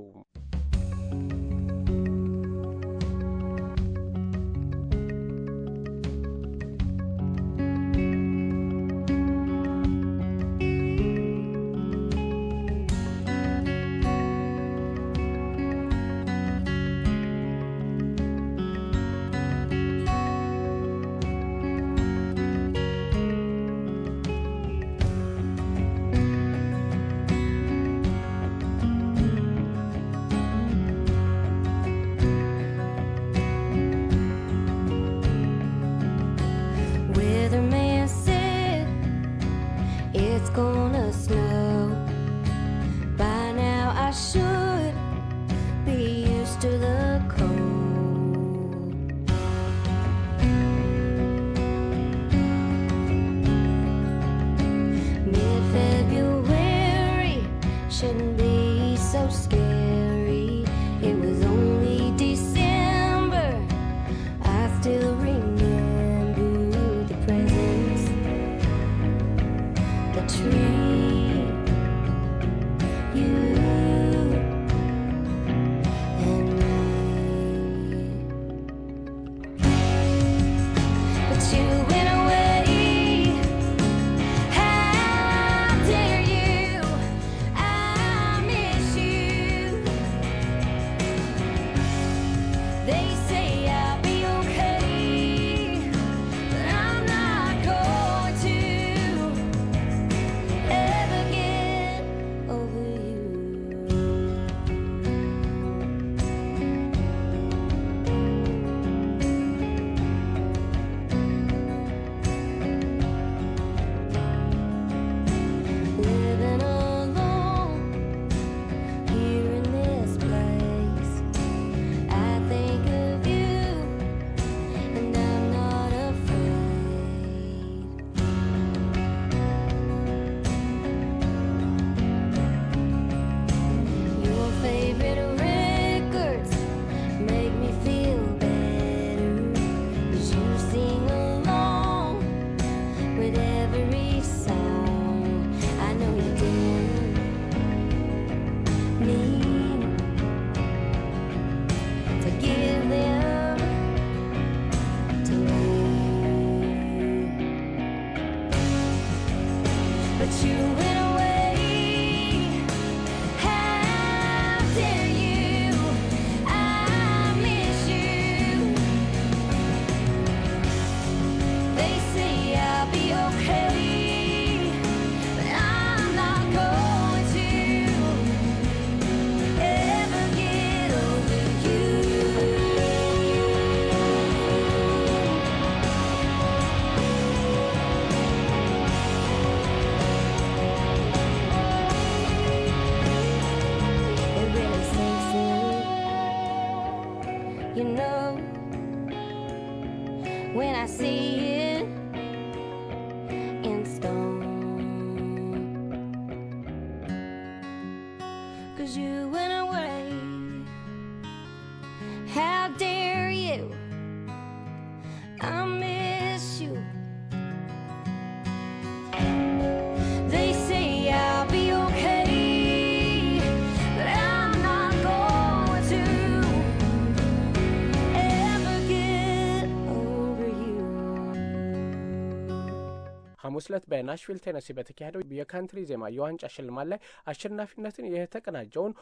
ሐሙስ ዕለት በናሽቪል ቴነሲ በተካሄደው የካንትሪ ዜማ የዋንጫ ሽልማት ላይ አሸናፊነትን የተቀናጀውን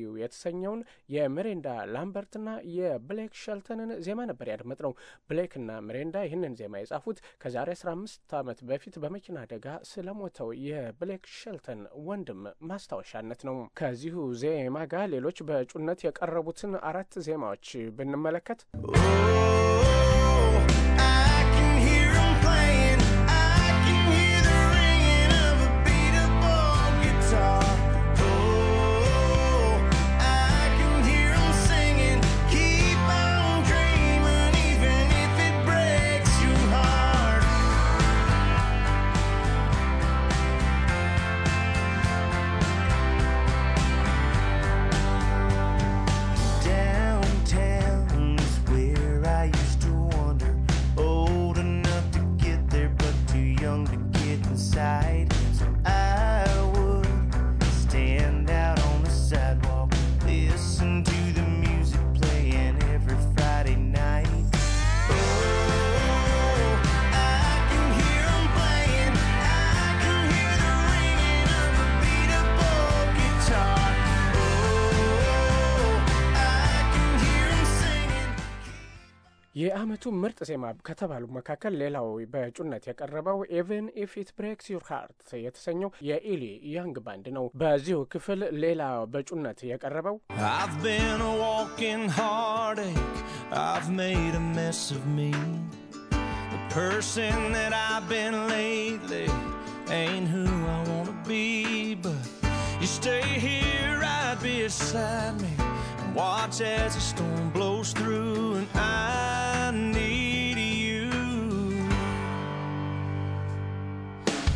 ዩ የተሰኘውን የምሬንዳ ላምበርትና የብሌክ ሸልተንን ዜማ ነበር ያድመጥ ነው። ብሌክና ምሬንዳ ይህንን ዜማ የጻፉት ከዛሬ አስራ አምስት ዓመት በፊት በመኪና አደጋ ስለሞተው የብሌክ ሸልተን ወንድም ማስታወሻነት ነው። ከዚሁ ዜማ ጋር ሌሎች በእጩነት የቀረቡትን አራት ዜማዎች ብንመለከት የአመቱ ምርጥ ዜማ ከተባሉ መካከል ሌላው በእጩነት የቀረበው ኤቨን ኢፍ ኢት ብሬክስ ዩር ሃርት የተሰኘው የኢሊ ያንግ ባንድ ነው። በዚሁ ክፍል ሌላ በእጩነት የቀረበው Stay here right beside me watch as the storm blows through, and I need you.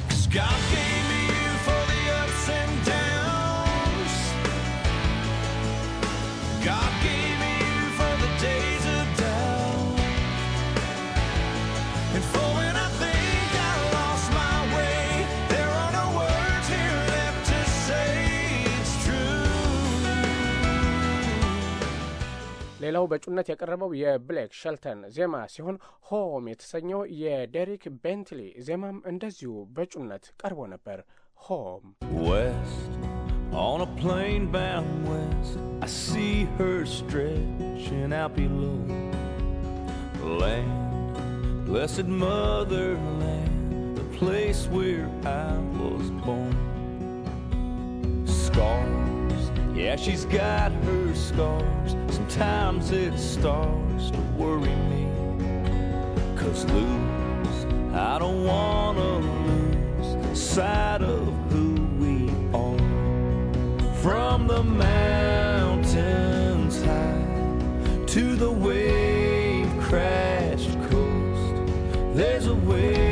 Cause God gave ሌላው በእጩነት የቀረበው የብሌክ ሸልተን ዜማ ሲሆን ሆም የተሰኘው የዴሪክ ቤንትሊ ዜማም እንደዚሁ በእጩነት ቀርቦ ነበር። ሆም On I see her stretching out below. the place where I was born. Yeah, she's got her scars. Sometimes it starts to worry me. Cause lose, I don't wanna lose sight of who we are. From the mountains high to the wave crashed coast, there's a way.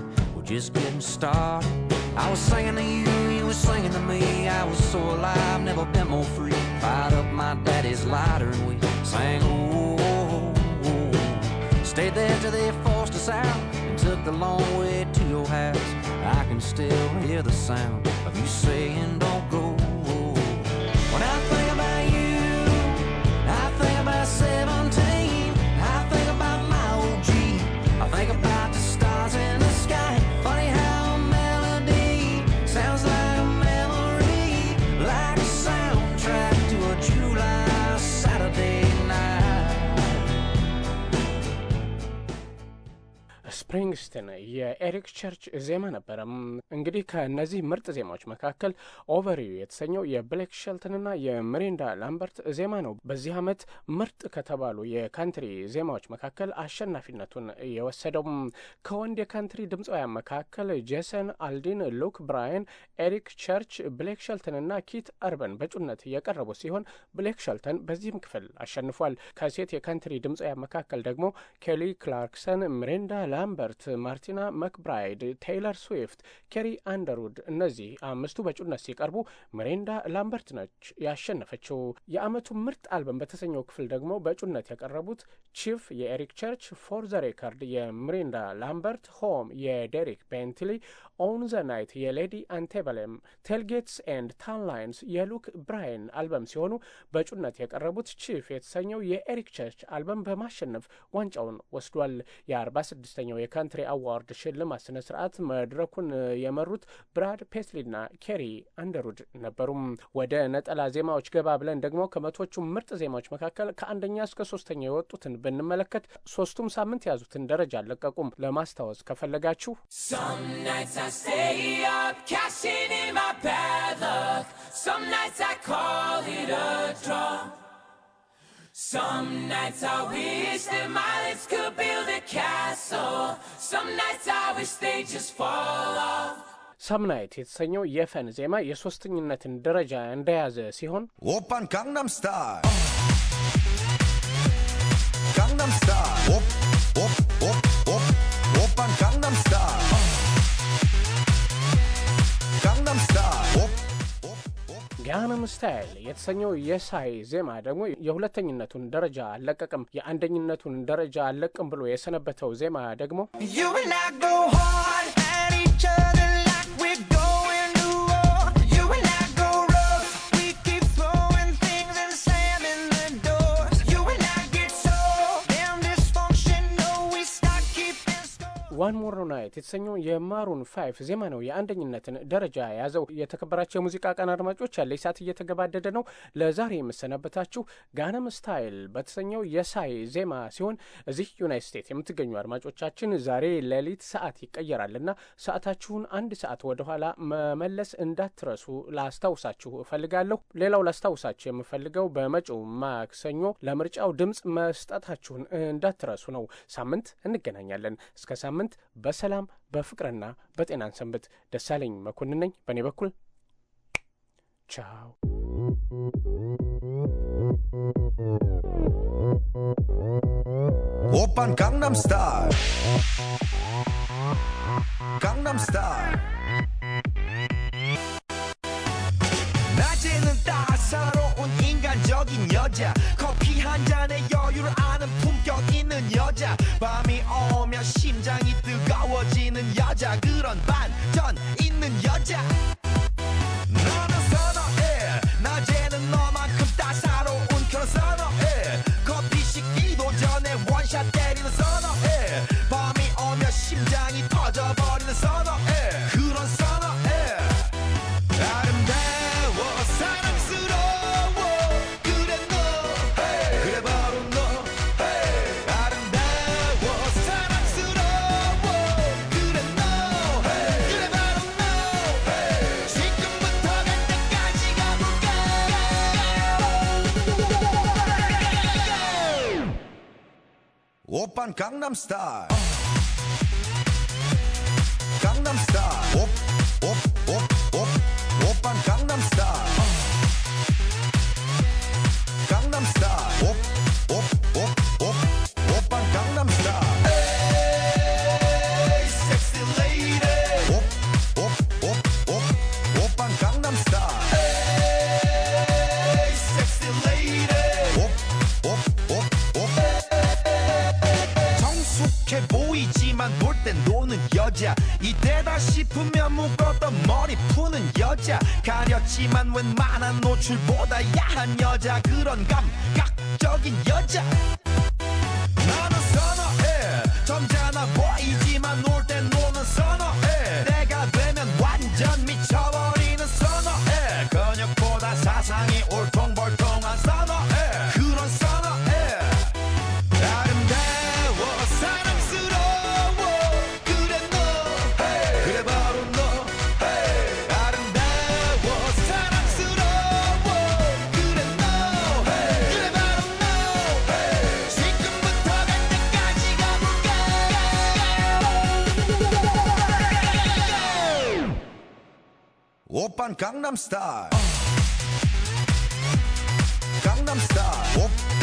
just getting started. I was singing to you, you were singing to me. I was so alive, never been more free. Fired up my daddy's lighter and we sang, oh, oh, oh. Stayed there till they forced us out and took the long way to your house. I can still hear the sound of you saying, ስፕሪንግስትን የኤሪክ ቸርች ዜማ ነበረም። እንግዲህ ከእነዚህ ምርጥ ዜማዎች መካከል ኦቨሪው የተሰኘው የብሌክ ሸልተንና የሚሪንዳ ላምበርት ዜማ ነው። በዚህ ዓመት ምርጥ ከተባሉ የካንትሪ ዜማዎች መካከል አሸናፊነቱን የወሰደው ከወንድ የካንትሪ ድምፃውያን መካከል ጄሰን አልዲን፣ ሉክ ብራያን፣ ኤሪክ ቸርች፣ ብሌክ ሸልተንና ኪት አርበን በእጩነት የቀረቡ ሲሆን ብሌክ ሸልተን በዚህም ክፍል አሸንፏል። ከሴት የካንትሪ ድምፃውያን መካከል ደግሞ ኬሊ ክላርክሰን፣ ሚሪንዳ ላምበርት ሮበርት፣ ማርቲና መክብራይድ፣ ቴይለር ስዊፍት፣ ኬሪ አንደርውድ እነዚህ አምስቱ በእጩነት ሲቀርቡ ሚሪንዳ ላምበርት ነች ያሸነፈችው። የዓመቱ ምርጥ አልበም በተሰኘው ክፍል ደግሞ በእጩነት የቀረቡት ቺፍ የኤሪክ ቸርች፣ ፎር ዘ ሬከርድ የሚሪንዳ ላምበርት፣ ሆም የዴሪክ ቤንትሊ፣ ኦን ዘ ናይት የሌዲ አንቴበለም፣ ቴልጌትስ ኤንድ ታንላይንስ የሉክ ብራይን አልበም ሲሆኑ በእጩነት የቀረቡት ቺፍ የተሰኘው የኤሪክ ቸርች አልበም በማሸነፍ ዋንጫውን ወስዷል። የ46ኛው የካንትሪ አዋርድ ሽልማት ስነ ስርዓት መድረኩን የመሩት ብራድ ፔስሊና ኬሪ አንደሩድ ነበሩም። ወደ ነጠላ ዜማዎች ገባ ብለን ደግሞ ከመቶቹ ምርጥ ዜማዎች መካከል ከአንደኛ እስከ ሶስተኛ የወጡትን ብንመለከት ሶስቱም ሳምንት የያዙትን ደረጃ አለቀቁም። ለማስታወስ ከፈለጋችሁ Some nights I wish that my lips could ሰምናይት የተሰኘው የፈን ዜማ የሶስተኝነትን ደረጃ እንደያዘ ሲሆን ኦፓን ካንግናም ስታይል ካንግናም ስታይል ኦፓን ካንግናም ስታይል ጋናም ስታይል የተሰኘው የሳይ ዜማ ደግሞ የሁለተኝነቱን ደረጃ አለቀቅም የአንደኝነቱን ደረጃ አለቅም ብሎ የሰነበተው ዜማ ደግሞ ዋን ሞር ናይት የተሰኘው የማሩን ፋይፍ ዜማ ነው የአንደኝነትን ደረጃ የያዘው። የተከበራቸው የሙዚቃ ቀን አድማጮች ያለ ሰዓት እየተገባደደ ነው። ለዛሬ የምሰናበታችሁ ጋነም ስታይል በተሰኘው የሳይ ዜማ ሲሆን እዚህ ዩናይት ስቴትስ የምትገኙ አድማጮቻችን ዛሬ ሌሊት ሰዓት ይቀየራልና ሰዓታችሁን አንድ ሰዓት ወደኋላ መመለስ እንዳትረሱ ላስታውሳችሁ እፈልጋለሁ። ሌላው ላስታውሳችሁ የምፈልገው በመጪው ማክሰኞ ለምርጫው ድምፅ መስጠታችሁን እንዳትረሱ ነው። ሳምንት እንገናኛለን። እስከ ሳምንት ሳምንት በሰላም በፍቅርና በጤናን ሰንብት። ደሳለኝ መኮንን ነኝ። በእኔ በኩል ቻው። ኦፓን ጋንግናም ስታይል 강남 스타일 낮에는 따사로운 인간적인 여자 커피 한 잔에 여유를 아는 품격 있는 여자 밤이 오면 심장이 뜨거워지는 여자 그런 반전 있는 여자 Gangnam Style. 오빤 강남스타일 강남스타일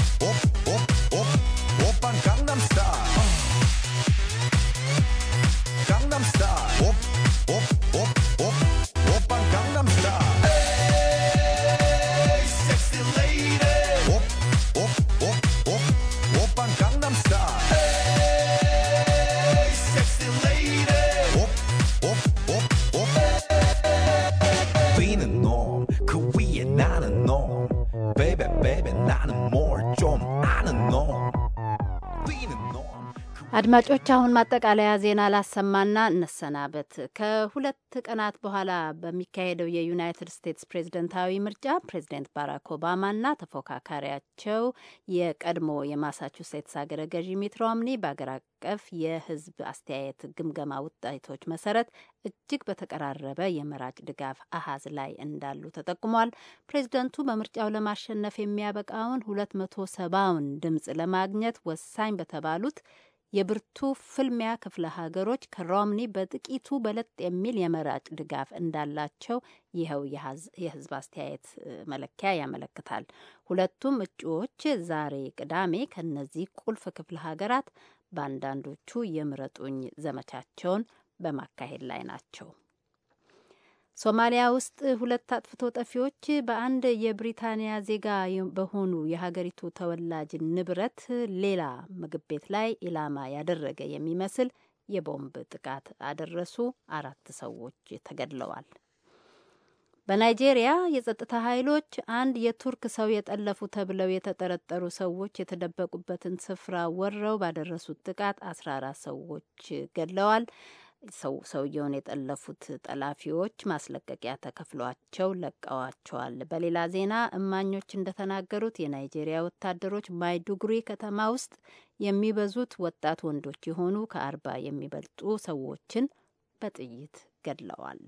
አድማጮች አሁን ማጠቃለያ ዜና ላሰማና እንሰናበት። ከሁለት ቀናት በኋላ በሚካሄደው የዩናይትድ ስቴትስ ፕሬዝደንታዊ ምርጫ ፕሬዝደንት ባራክ ኦባማና ተፎካካሪያቸው የቀድሞ የማሳቹሴትስ ሀገረ ገዢ ሚት ሮምኒ በአገር አቀፍ የሕዝብ አስተያየት ግምገማ ውጤቶች መሰረት እጅግ በተቀራረበ የመራጭ ድጋፍ አሀዝ ላይ እንዳሉ ተጠቁሟል። ፕሬዝደንቱ በምርጫው ለማሸነፍ የሚያበቃውን ሁለት መቶ ሰባውን ድምጽ ለማግኘት ወሳኝ በተባሉት የብርቱ ፍልሚያ ክፍለ ሀገሮች ከሮምኒ በጥቂቱ በለጥ የሚል የመራጭ ድጋፍ እንዳላቸው ይኸው የሕዝብ አስተያየት መለኪያ ያመለክታል። ሁለቱም እጩዎች ዛሬ ቅዳሜ ከነዚህ ቁልፍ ክፍለ ሀገራት በአንዳንዶቹ የምረጡኝ ዘመቻቸውን በማካሄድ ላይ ናቸው። ሶማሊያ ውስጥ ሁለት አጥፍቶ ጠፊዎች በአንድ የብሪታንያ ዜጋ በሆኑ የሀገሪቱ ተወላጅ ንብረት ሌላ ምግብ ቤት ላይ ኢላማ ያደረገ የሚመስል የቦምብ ጥቃት አደረሱ። አራት ሰዎች ተገድለዋል። በናይጄሪያ የጸጥታ ኃይሎች አንድ የቱርክ ሰው የጠለፉ ተብለው የተጠረጠሩ ሰዎች የተደበቁበትን ስፍራ ወረው ባደረሱት ጥቃት አስራ አራት ሰዎች ገድለዋል። ሰው ሰውየውን የጠለፉት ጠላፊዎች ማስለቀቂያ ተከፍሏቸው ለቀዋቸዋል። በሌላ ዜና እማኞች እንደተናገሩት የናይጄሪያ ወታደሮች ማይዱጉሪ ከተማ ውስጥ የሚበዙት ወጣት ወንዶች የሆኑ ከአርባ የሚበልጡ ሰዎችን በጥይት ገድለዋል።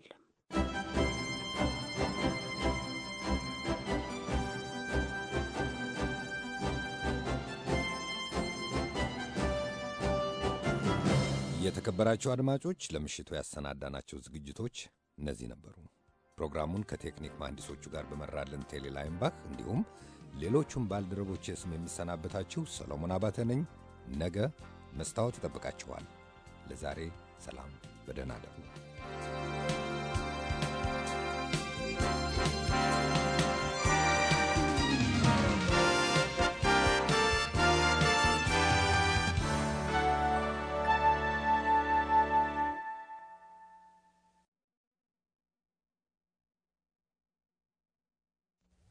የተከበራችሁ አድማጮች ለምሽቱ ያሰናዳናቸው ዝግጅቶች እነዚህ ነበሩ። ፕሮግራሙን ከቴክኒክ መሐንዲሶቹ ጋር በመራልን ቴሌላይምባክ እንዲሁም ሌሎቹም ባልደረቦች ስም የምሰናበታችሁ ሰሎሞን አባተ ነኝ። ነገ መስታወት ይጠብቃችኋል። ለዛሬ ሰላም፣ በደህና እደሩ።